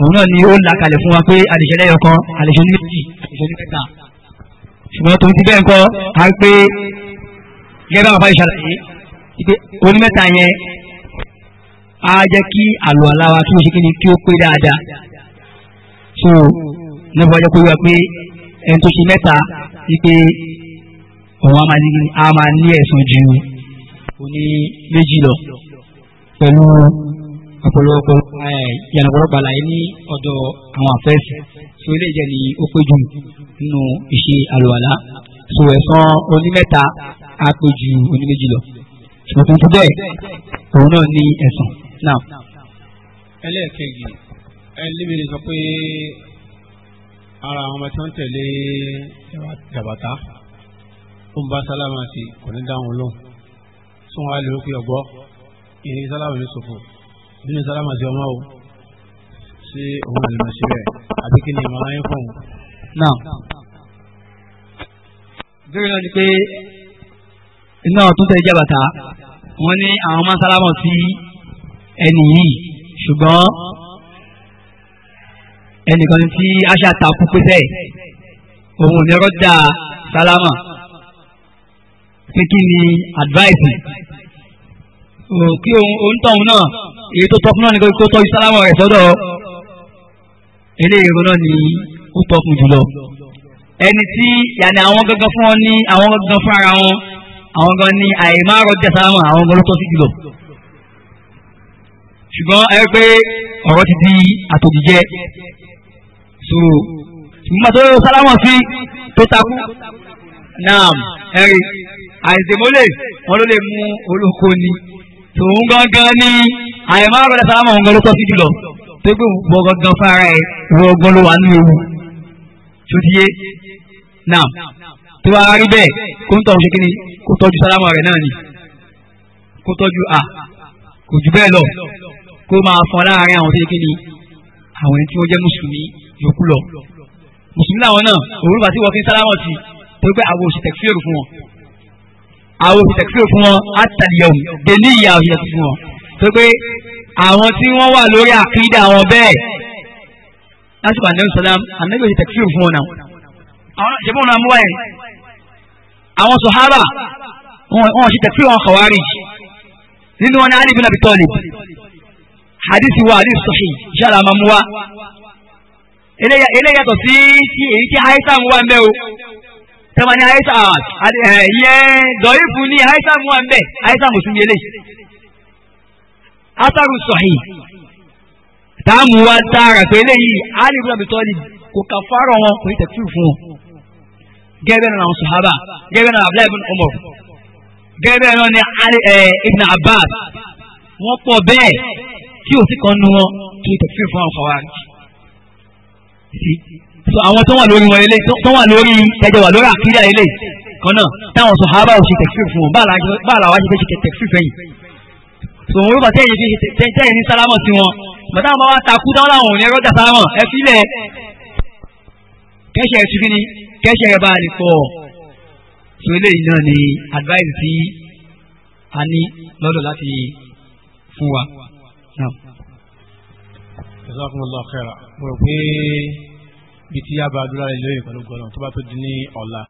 A: òun náà ni ó là kalẹ̀ fún wa pé àdìsẹ́lẹ̀ yọkan àdìsẹ́lẹ̀ méjì àdìsẹ́lẹ̀ mẹ́ta ṣùgbọ́n tòun ti bẹ́ẹ̀ kọ́ à ń pé gẹ́gẹ́ bá ìṣàlàyé pé onímẹ́ta yẹn á jẹ́ kí àlọ́ aláwa kí o ṣe kí ni kí o pé dáadáa so níbo ọjọ́ pé wíwá pé ẹni tó ṣe mẹ́ta wípé òun á máa ní ẹ̀sùn ju oní méjì lọ pẹ̀lú ọ̀pọ̀lọpọ̀ ìyànàpọ̀lọpọ̀ àlàyé ní ọ̀dọ̀ àwọn àfẹ́sì so ilé ìjẹ ni ó pé jù nínú ìṣe àlùwàlá so ẹ̀sán onímẹ́ta á pé ju oníméjì lọ ṣùgbọ́n tó bẹ́ẹ̀ òun náà ní ẹ̀sán náà. ẹlẹ́ẹ̀kejì ẹlẹ́mìí sọ pé ara àwọn ọmọ tí wọ́n tẹ̀lé jàbàtà ó ń bá sálámà sí kò ní dáhùn lóhùn tí wọ́n á lè rú pé ọgbọ́
B: ìní sálámà ní ṣòfò nínú sálámà sí ọmọ o sí òun àlè máa ṣe
A: bẹ́ẹ̀ àbí kí ni ìmọ̀lá yín fún un. now bẹ́ẹ̀ náà ni pé iná ọ̀tún tẹ̀ jẹ́ bàtà wọ́n ní àwọn máa sí ẹnì yìí ṣùgbọ́n ẹnìkan tí aṣa takú pẹ́sẹ́ òun ò ní rọ́dà sálámà pé kí ni advice kí òun tọ̀hún náà èyí tó tọ́kùn náà ni kó tọ́jú sálámà rẹ̀ sọ́dọ̀ eléyìí ronú ni ó pọ̀ fún jùlọ ẹni tí yàní àwọn gangan fún ọ ní àwọn gangan fún ara wọn àwọn gan ní àìmárọ jẹsàmù àwọn gan ló tọ́ sí jùlọ ṣùgbọ́n ẹ pé ọ̀rọ̀ ti di àtòjìjẹ so ṣùgbọ́n tó sálámọ sí tó takú naam ẹrí àìsèmọlẹ wọn ló lè mú olóko ni tòun gangan ní àìmárọ jẹsàmù àwọn gan ló tọ́ sí jùlọ tó gbé wọ gangan fara ẹ wọ ọgbọ́n ló wà ní ewu tó ti yé náà tó kó ń tọ́jú kíni kó tọ́jú sálámà rẹ̀ náà ni kó tọ́jú a kò jù bẹ́ẹ̀ lọ kó máa fọn láàrin àwọn tó yẹ kíni àwọn ẹni tí wọ́n jẹ́ mùsùlùmí yòókù lọ mùsùlùmí làwọn náà òwúrò bá ti wọ́n fi sálámà sí tó gbé àwọn òṣìṣẹ́ fún wọn àwọn òṣìṣẹ́ fíèrò fún wọn á tàlẹ́ òun ìyá òṣìṣẹ́ fún wọn tó àwọn tí wọ́n wà lórí àkídà àwọn bẹ́ẹ̀ lásìkò àdéhùn sàlám ànábì òsì tẹ̀kífìrì fún wọn náà àwọn ṣẹ́fún wọn mú wáyé àwọn sọ̀hábà wọn ṣe tẹ̀kífìrì wọn kọ̀wárì nínú wọn ni Ali bin Abi Talib hadisi wa hadisi sahih ṣáàlà máa mú wa eléyà yàtọ̀ sí èyí tí haisa mú wa mẹ́ o tẹ́wọ́n ni haisa eh, yẹn dọ̀yìn fún ni haisa mú wa mẹ́ haisa mú sí yẹlẹ́yìí asaru sọ̀hí
C: táàmù wa tààrà pé eléyìí
A: Ali ibn Abi Talib kò kà fárọ̀ wọn kò ní tẹ̀sí fún wọn gẹ́gẹ́ náà àwọn sọ̀hábà gẹ́gẹ́ náà Abdullahi ibn Umar gẹ́gẹ́ náà ni Ibn Abbas wọ́n pọ̀ bẹ́ẹ̀ tí ò sí kan nu wọn kì í tẹ̀sí fún àwọn Khawarij so àwọn tó wà lórí wọn ilé tó wà lórí ẹjọ wà lórí àkíyà ilé kan náà táwọn sọ̀hábà ò ṣe tẹ̀sí fún wọn báà làwọn ṣe fẹ́ ṣe tẹ̀sí fẹ́yìn tòun ló bá tẹ́yìn fi tẹ́yìn ní sálámọ̀ sí wọn bàtà wọn bá wá takú táwọn làwọn ò ní ẹrọ dàsálámọ̀ ẹ filẹ̀ kẹ́sẹ̀ ẹ̀ tún ní kẹ́sẹ̀ ẹ̀ bá a lè pọ̀ tó eléyìí náà ni advice tí a ní lọ́dọ̀ láti fún wa.
B: Jazakumullahu khaira mo rò pé bíi tí yá bá a dúró lórí ìpàdé gbọ́dọ̀ tó bá tó di ní ọ̀la.